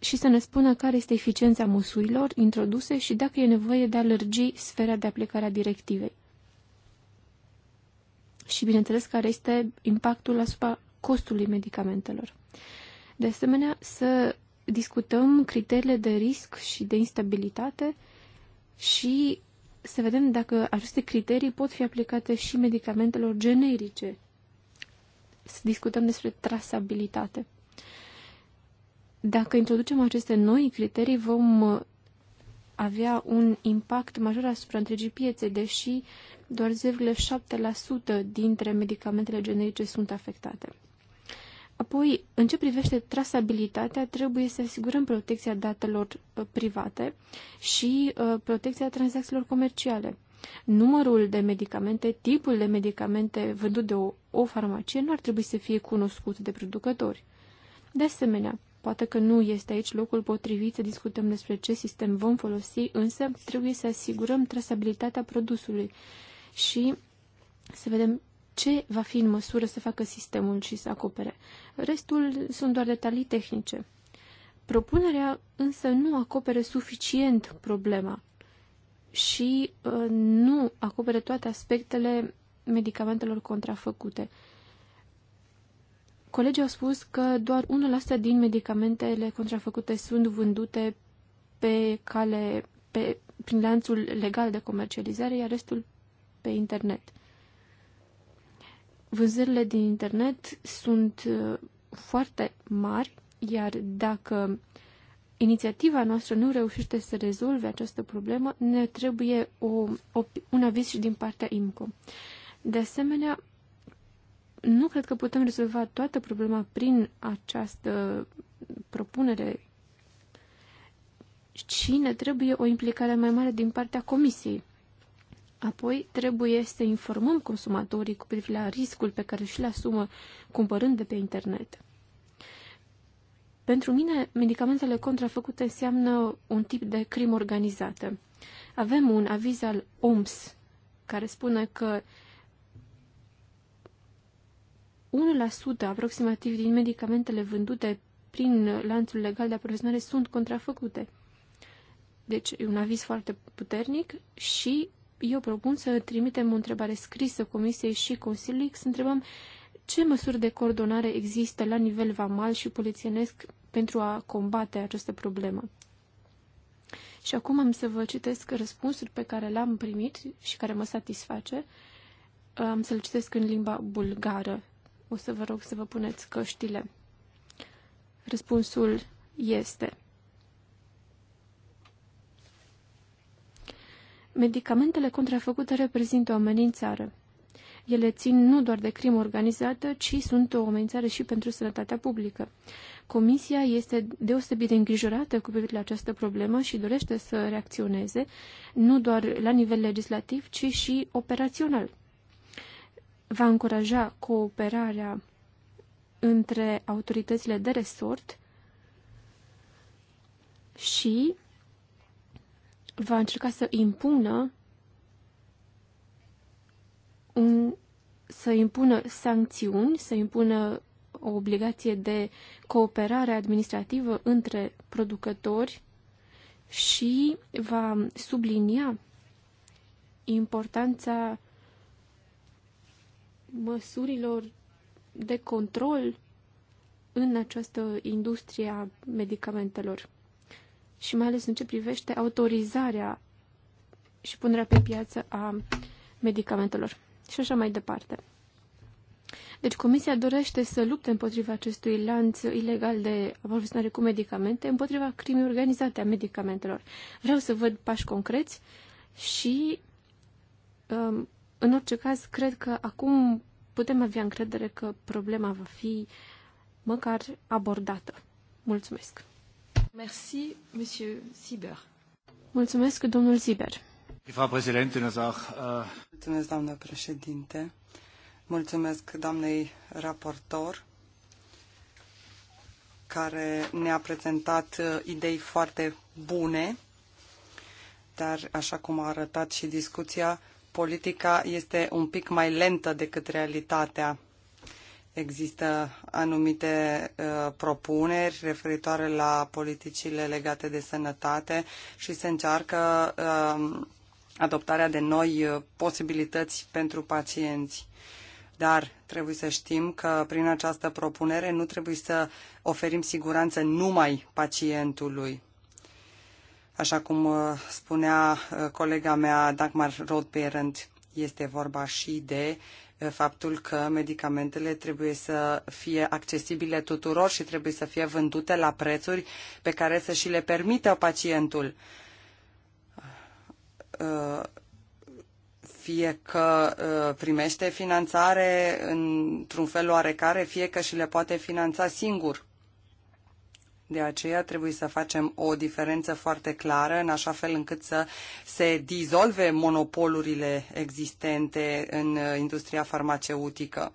și să ne spună care este eficiența măsurilor introduse și dacă e nevoie de a lărgi sfera de aplicare a directivei. Și, bineînțeles, care este impactul asupra costului medicamentelor. De asemenea, să discutăm criteriile de risc și de instabilitate și să vedem dacă aceste criterii pot fi aplicate și medicamentelor generice. Să discutăm despre trasabilitate. Dacă introducem aceste noi criterii, vom uh, avea un impact major asupra întregii piețe, deși doar 0,7% dintre medicamentele generice sunt afectate. Apoi, în ce privește trasabilitatea, trebuie să asigurăm protecția datelor uh, private și uh, protecția tranzacțiilor comerciale. Numărul de medicamente, tipul de medicamente vândut de o, o farmacie nu ar trebui să fie cunoscut de producători. De asemenea, Poate că nu este aici locul potrivit să discutăm despre ce sistem vom folosi, însă trebuie să asigurăm trasabilitatea produsului și să vedem ce va fi în măsură să facă sistemul și să acopere. Restul sunt doar detalii tehnice. Propunerea însă nu acopere suficient problema și uh, nu acopere toate aspectele medicamentelor contrafăcute. Colegii au spus că doar 1% din medicamentele contrafăcute sunt vândute pe cale, pe, prin lanțul legal de comercializare, iar restul pe internet. Vânzările din internet sunt uh, foarte mari, iar dacă inițiativa noastră nu reușește să rezolve această problemă, ne trebuie o, o, un aviz și din partea IMCO. De asemenea, nu cred că putem rezolva toată problema prin această propunere. Cine trebuie o implicare mai mare din partea comisiei? Apoi trebuie să informăm consumatorii cu privire la riscul pe care și-l asumă cumpărând de pe internet. Pentru mine, medicamentele contrafăcute înseamnă un tip de crimă organizată. Avem un aviz al OMS care spune că uh, 1% aproximativ din medicamentele vândute prin lanțul legal de aprovizionare sunt contrafăcute. Deci e un aviz foarte puternic și eu propun să trimitem o întrebare scrisă Comisiei și Consiliului să întrebăm ce măsuri de coordonare există la nivel vamal și polițienesc pentru a combate această problemă. Și acum am să vă citesc răspunsuri pe care le-am primit și care mă satisface. Am să-l citesc în limba bulgară, o să vă rog să vă puneți căștile. Răspunsul este. Medicamentele contrafăcute reprezintă o amenințare. Ele țin nu doar de crimă organizată, ci sunt o amenințare și pentru sănătatea publică. Comisia este deosebit de îngrijorată cu privire la această problemă și dorește să reacționeze, nu doar la nivel legislativ, ci și operațional va încuraja cooperarea între autoritățile de resort și va încerca să impună un, să impună sancțiuni, să impună o obligație de cooperare administrativă între producători și va sublinia importanța măsurilor de control în această industrie a medicamentelor și mai ales în ce privește autorizarea și punerea pe piață a medicamentelor și așa mai departe. Deci Comisia dorește să lupte împotriva acestui lanț ilegal de aprovizionare cu medicamente, împotriva crimei organizate a medicamentelor. Vreau să văd pași concreți și um, în orice caz, cred că acum putem avea încredere că problema va fi măcar abordată. Mulțumesc! Merci, Monsieur Sieber. Mulțumesc, domnul Sieber. Äh, Mulțumesc, doamnă președinte. Mulțumesc doamnei raportor care ne-a prezentat uh, idei foarte bune, dar așa cum a arătat și discuția, politica este un pic mai lentă decât realitatea. Există anumite uh, propuneri referitoare la politicile legate de sănătate și se încearcă uh, adoptarea de noi uh, posibilități pentru pacienți. Dar trebuie să știm că prin această propunere nu trebuie să oferim siguranță numai pacientului Așa cum uh, spunea uh, colega mea Dagmar Rothberend, este vorba și de uh, faptul că medicamentele trebuie să fie accesibile tuturor și trebuie să fie vândute la prețuri pe care să și le permită pacientul. Fie că primește finanțare într-un fel oarecare, fie că și le poate finanța singur. De aceea trebuie să facem o diferență foarte clară, în așa fel încât să se dizolve monopolurile existente în uh, industria farmaceutică.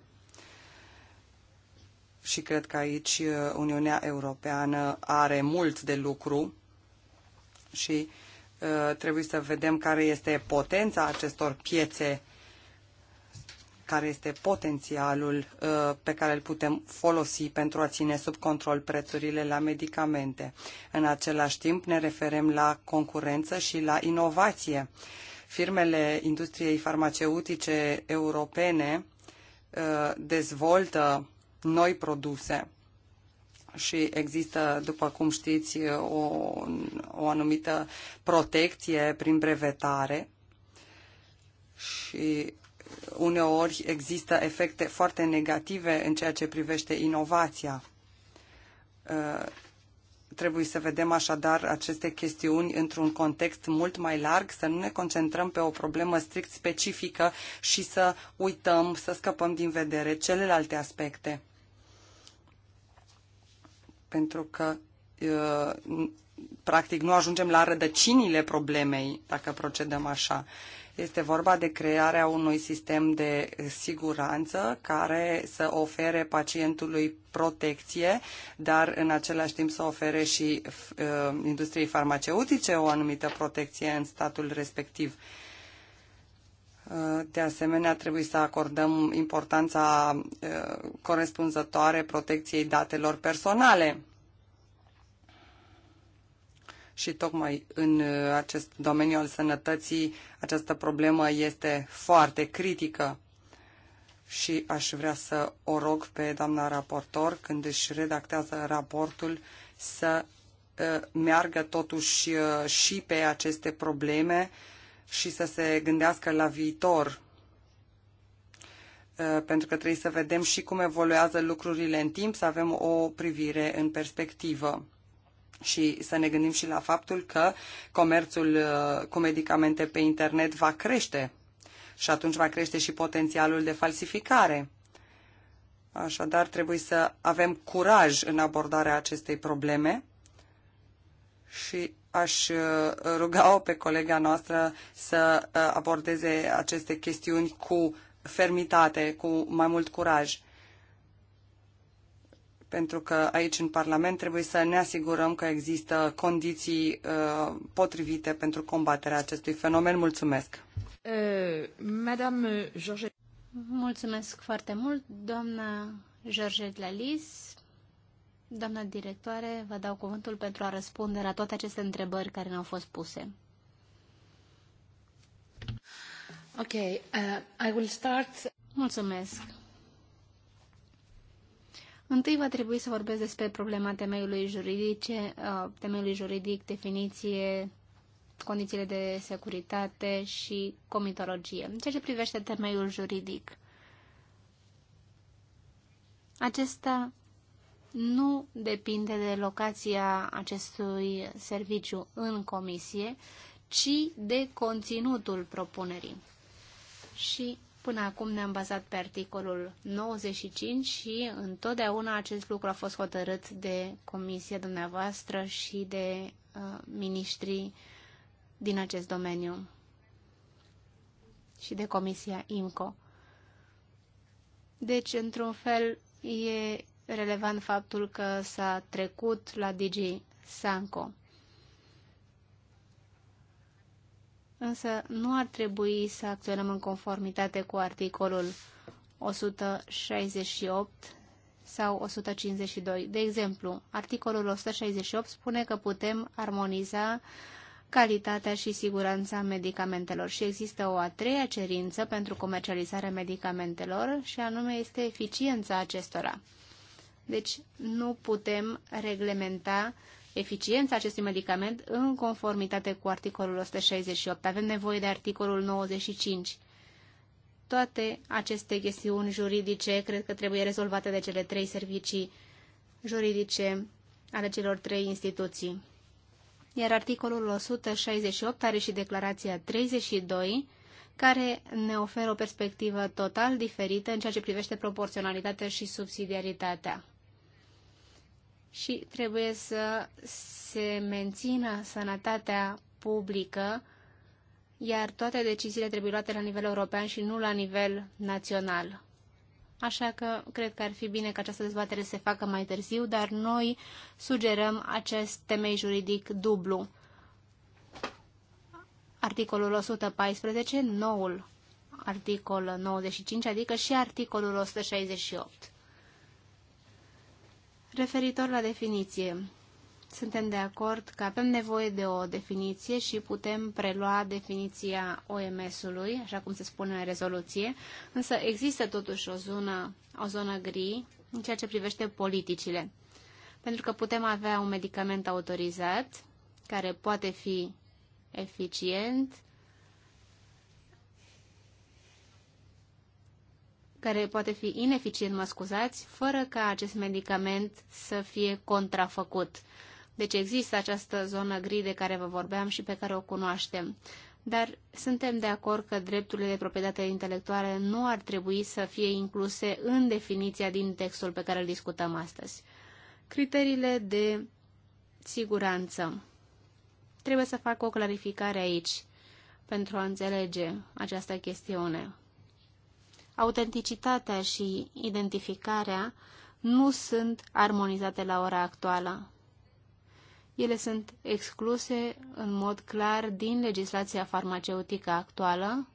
Și cred că aici uh, Uniunea Europeană are mult de lucru și uh, trebuie să vedem care este potența acestor piețe care este potențialul uh, pe care îl putem folosi pentru a ține sub control prețurile la medicamente. În același timp ne referem la concurență și la inovație. Firmele industriei farmaceutice europene uh, dezvoltă noi produse și există, după cum știți, o, o anumită protecție prin brevetare și uneori există efecte foarte negative în ceea ce privește inovația. Uh, trebuie să vedem așadar aceste chestiuni într-un context mult mai larg, să nu ne concentrăm pe o problemă strict specifică și să uităm, să scăpăm din vedere celelalte aspecte. Pentru că uh, practic nu ajungem la rădăcinile problemei dacă procedăm așa. Este vorba de crearea unui sistem de siguranță care să ofere pacientului protecție, dar în același timp să ofere și uh, industriei farmaceutice o anumită protecție în statul respectiv. Uh, de asemenea, trebuie să acordăm importanța uh, corespunzătoare protecției datelor personale și tocmai în uh, acest domeniu al sănătății această problemă este foarte critică și aș vrea să o rog pe doamna raportor când își redactează raportul să uh, meargă totuși uh, și pe aceste probleme și să se gândească la viitor pentru că trebuie să vedem și cum evoluează lucrurile în timp, să avem o privire în perspectivă și să ne gândim și la faptul că comerțul uh, cu medicamente pe internet va crește și atunci va crește și potențialul de falsificare. Așadar, trebuie să avem curaj în abordarea acestei probleme și aș uh, ruga-o pe colega noastră să uh, abordeze aceste chestiuni cu fermitate, cu mai mult curaj pentru că aici în Parlament trebuie să ne asigurăm că există condiții uh, potrivite pentru combaterea acestui fenomen. Mulțumesc! Uh, Madame George... Mulțumesc foarte mult, doamna Georgette Lalis. Doamna directoare, vă dau cuvântul pentru a răspunde la toate aceste întrebări care ne-au fost puse. Ok, uh, I will start... Mulțumesc. Întâi va trebui să vorbesc despre problema temeiului juridice, temeiului juridic, definiție, condițiile de securitate și comitologie. În ceea ce privește temeiul juridic, acesta nu depinde de locația acestui serviciu în comisie, ci de conținutul propunerii. Și Până acum ne-am bazat pe articolul 95 și întotdeauna acest lucru a fost hotărât de comisia dumneavoastră și de uh, ministrii din acest domeniu și de comisia IMCO. Deci, într-un fel, e relevant faptul că s-a trecut la DG Sanco. însă nu ar trebui să acționăm în conformitate cu articolul 168 sau 152. De exemplu, articolul 168 spune că putem armoniza calitatea și siguranța medicamentelor și există o a treia cerință pentru comercializarea medicamentelor și anume este eficiența acestora. Deci nu putem reglementa uh, eficiența acestui medicament în conformitate cu articolul 168. Avem nevoie de articolul 95. Toate aceste chestiuni juridice cred că trebuie rezolvate de cele trei servicii juridice ale celor trei instituții. Iar articolul 168 are și declarația 32, care ne oferă o perspectivă total diferită în ceea ce privește proporționalitatea și subsidiaritatea și trebuie să se mențină sănătatea publică, iar toate deciziile trebuie luate la nivel european și nu la nivel național. Așa că cred că ar fi bine ca această dezbatere se facă mai târziu, dar noi sugerăm acest temei juridic dublu. Articolul 114, noul articol 95, adică și articolul 168. Referitor la definiție, suntem de acord că avem nevoie de o definiție și putem prelua definiția OMS-ului, așa cum se spune în rezoluție, însă există totuși o zonă, o zonă gri în ceea ce privește politicile. Pentru că putem avea un medicament autorizat care poate fi eficient, care poate fi ineficient, mă scuzați, fără ca acest medicament să fie contrafăcut. Deci există această zonă gri de care vă vorbeam și pe care o cunoaștem. Dar suntem de acord că drepturile de proprietate intelectuală nu ar trebui să fie incluse în definiția din textul pe care îl discutăm astăzi. Criteriile de siguranță. Trebuie să fac o clarificare aici pentru a înțelege această chestiune autenticitatea și identificarea nu sunt armonizate la ora actuală. Ele sunt excluse în mod clar din legislația farmaceutică actuală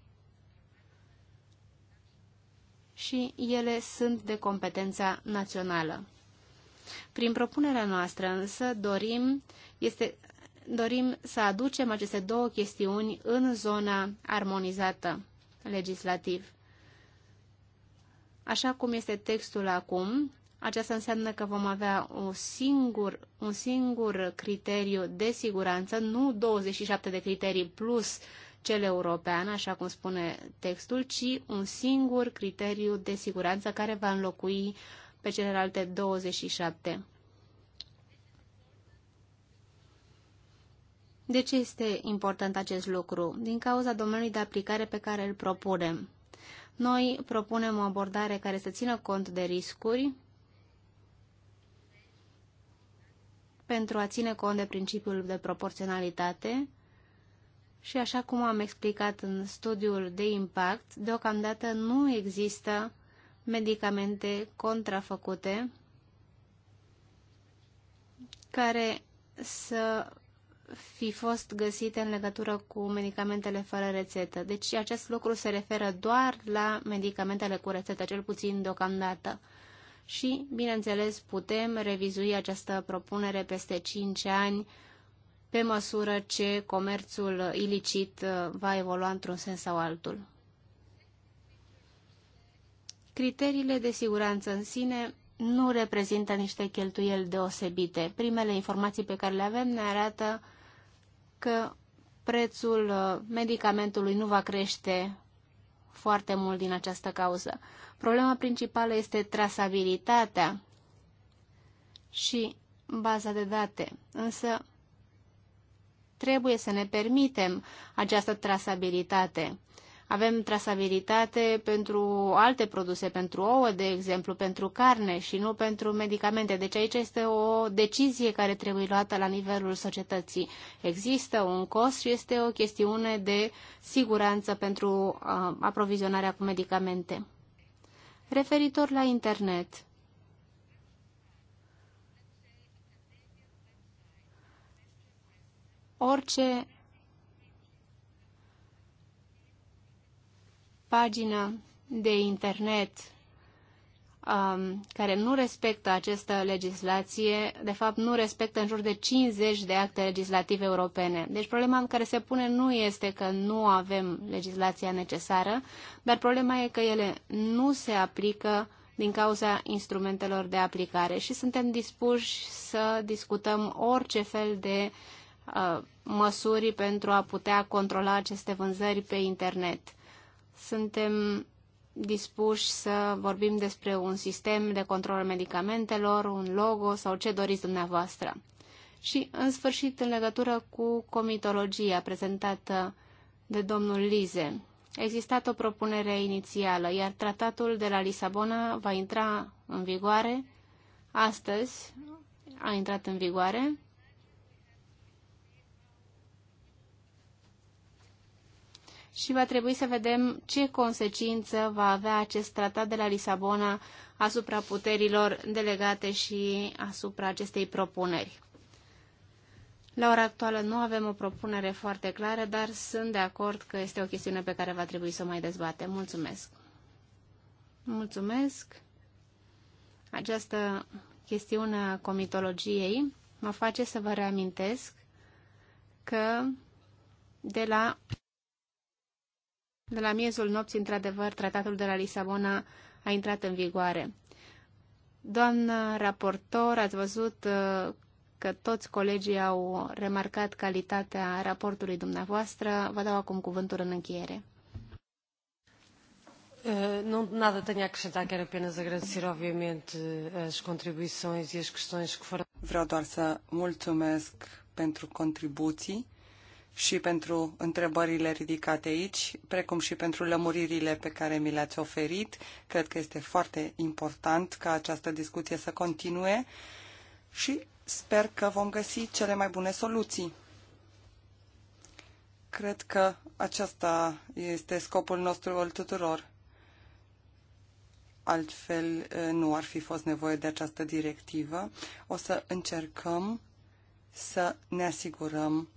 și ele sunt de competența națională. Prin propunerea noastră însă dorim, este, dorim să aducem aceste două chestiuni în zona armonizată legislativ. Așa cum este textul acum, aceasta înseamnă că vom avea un singur, un singur criteriu de siguranță, nu 27 de criterii plus cel european, așa cum spune textul, ci un singur criteriu de siguranță care va înlocui pe celelalte 27. De ce este important acest lucru? Din cauza domeniului de aplicare pe care îl propunem. Noi propunem o abordare care să țină cont de riscuri pentru a ține cont de principiul de proporționalitate și așa cum am explicat în studiul de impact, deocamdată nu există medicamente contrafăcute care să fi fost găsite în legătură cu medicamentele fără rețetă. Deci acest lucru se referă doar la medicamentele cu rețetă, cel puțin deocamdată. Și, bineînțeles, putem revizui această propunere peste 5 ani pe măsură ce comerțul ilicit uh, va evolua într-un sens sau altul. Criteriile de siguranță în sine nu reprezintă niște cheltuieli deosebite. Primele informații pe care le avem ne arată că prețul uh, medicamentului nu va crește foarte mult din această cauză. Problema principală este trasabilitatea și baza de date, însă trebuie să ne permitem această trasabilitate avem trasabilitate pentru alte produse, pentru ouă, de exemplu, pentru carne și nu pentru medicamente. Deci aici este o decizie care trebuie luată la nivelul societății. Există un cost și este o chestiune de siguranță pentru aprovizionarea cu medicamente. Referitor la internet, orice pagină de internet um, care nu respectă această legislație, de fapt nu respectă în jur de 50 de acte legislative europene. Deci problema care se pune nu este că nu avem legislația necesară, dar problema e că ele nu se aplică din cauza instrumentelor de aplicare și suntem dispuși să discutăm orice fel de uh, măsuri pentru a putea controla aceste vânzări pe internet. Suntem dispuși să vorbim despre un sistem de control al medicamentelor, un logo sau ce doriți dumneavoastră. Și, în sfârșit, în legătură cu comitologia prezentată de domnul Lize, a existat o propunere inițială, iar tratatul de la Lisabona va intra în vigoare astăzi, a intrat în vigoare și va trebui să vedem ce consecință va avea acest tratat de la Lisabona asupra puterilor delegate și asupra acestei propuneri. La ora actuală nu avem o propunere foarte clară, dar sunt de acord că este o chestiune pe care va trebui să o mai dezbatem. Mulțumesc! Mulțumesc! Această chestiune a comitologiei mă face să vă reamintesc că de la de la miezul nopții, într-adevăr, tratatul de la Lisabona a intrat în vigoare. Doamnă raportor, ați văzut uh, că toți colegii au remarcat calitatea raportului dumneavoastră. Vă dau acum cuvântul în încheiere. Uh, não, nada tenho a acrescentar, quero apenas agradecer, obviamente, as contribuições e as questões que foram. Vreau doar să mulțumesc pentru contribuții și pentru întrebările ridicate aici, precum și pentru lămuririle pe care mi le-ați oferit. Cred că este foarte important ca această discuție să continue și sper că vom găsi cele mai bune soluții. Cred că acesta este scopul nostru al tuturor. Altfel eh, nu ar fi fost nevoie de această directivă. O să încercăm să ne asigurăm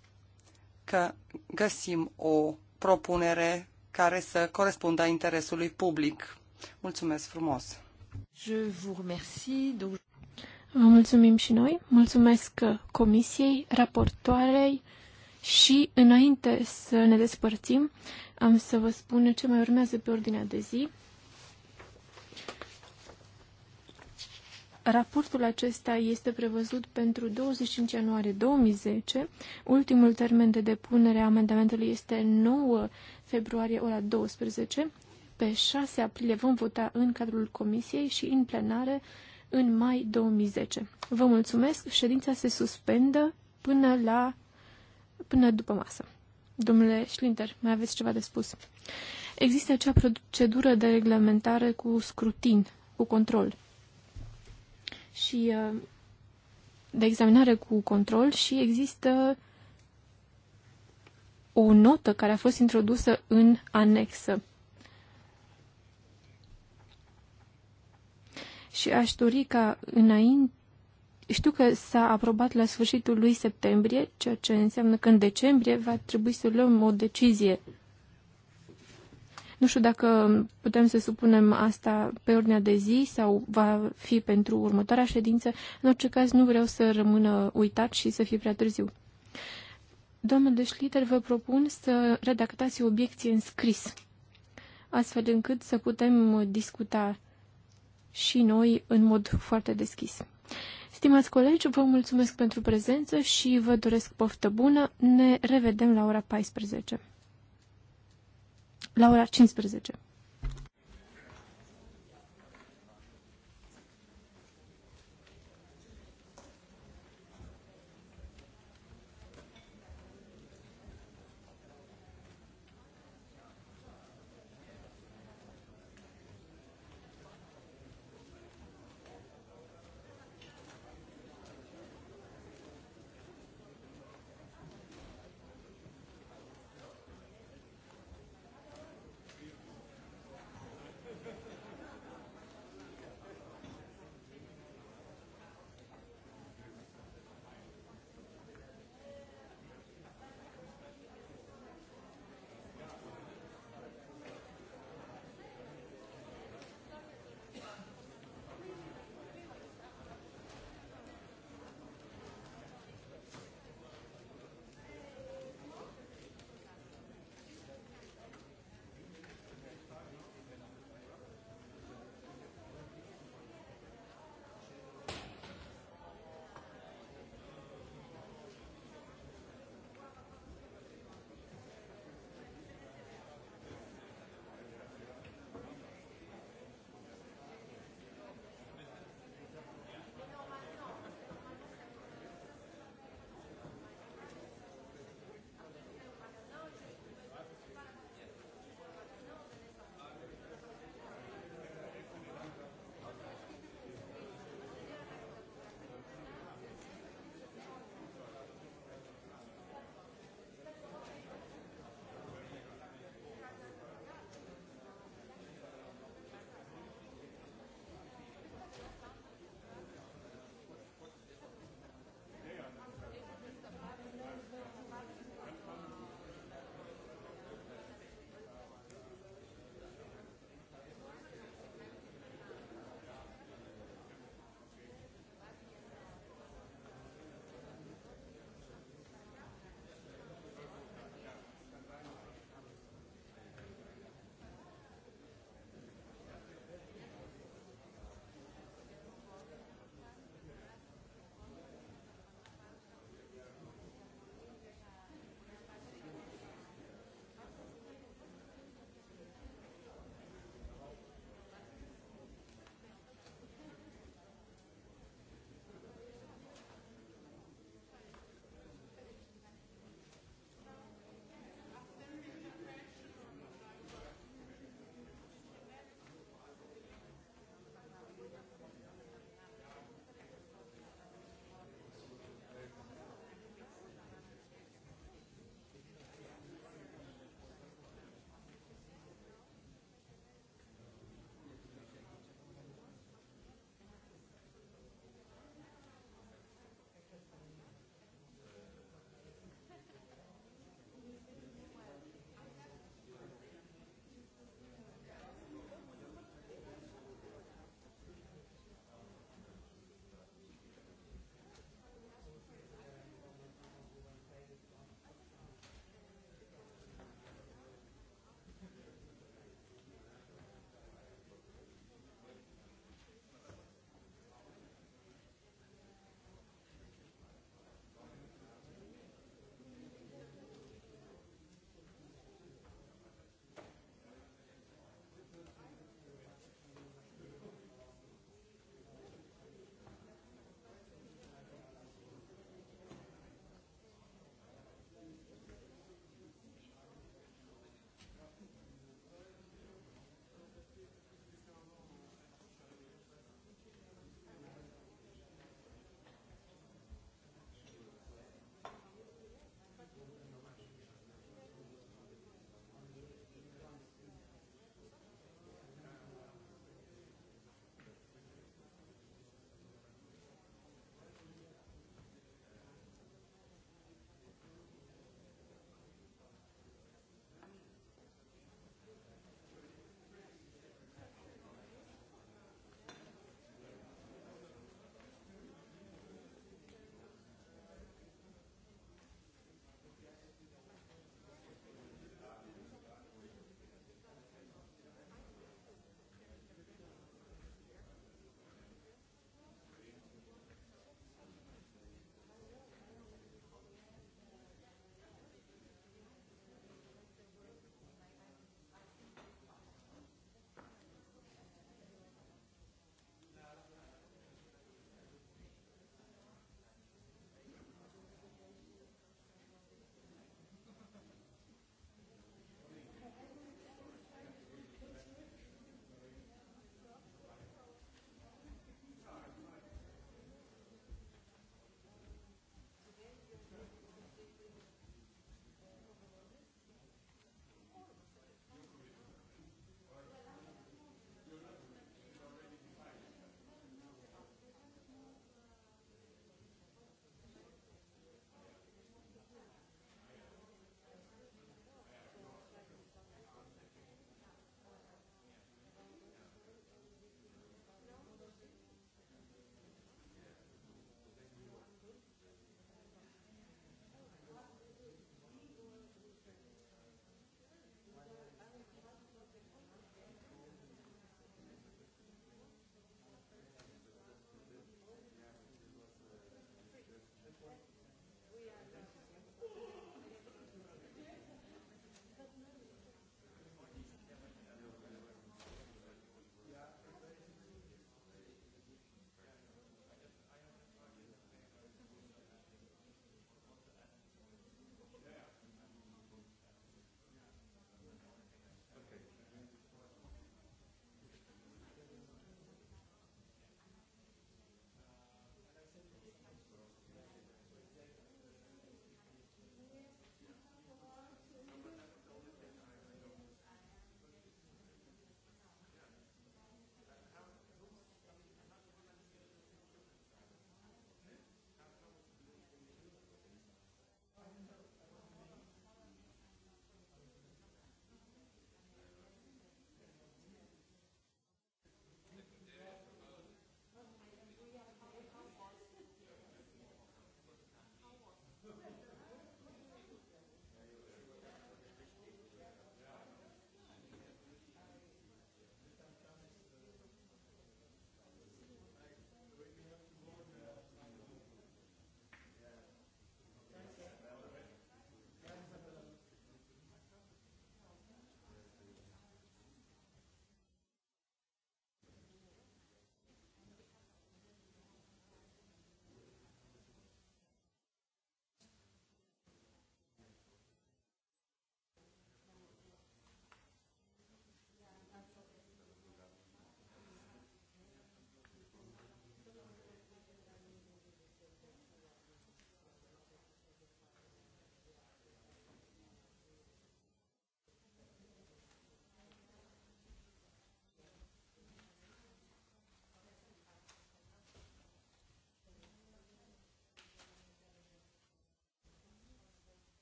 că găsim o propunere care să corespundă interesului public. Mulțumesc frumos! Je vous remercie. Donc... Vă mulțumim și noi. Mulțumesc comisiei, raportoarei și înainte să ne despărțim, am să vă spun ce mai urmează pe ordinea de zi. Raportul acesta este prevăzut pentru 25 ianuarie 2010. Ultimul termen de depunere a amendamentelor este 9 februarie ora 12. Pe 6 aprilie vom vota în cadrul comisiei și în plenare în mai 2010. Vă mulțumesc. Ședința se suspendă până la până după masă. Domnule Schlinter, mai aveți ceva de spus? Există acea procedură de reglementare cu scrutin, cu control și uh, de examinare cu control și există o notă care a fost introdusă în anexă. Și aș dori ca înainte știu că s-a aprobat la sfârșitul lui septembrie, ceea ce înseamnă că în decembrie va trebui să luăm o decizie nu știu dacă putem să supunem asta pe ordinea de zi sau va fi pentru următoarea ședință. În orice caz, nu vreau să rămână uitat și să fie prea târziu. Domnul Deșliter, vă propun să redactați o obiecție în scris, astfel încât să putem discuta și noi în mod foarte deschis. Stimați colegi, vă mulțumesc pentru prezență și vă doresc poftă bună. Ne revedem la ora 14 la ora 15.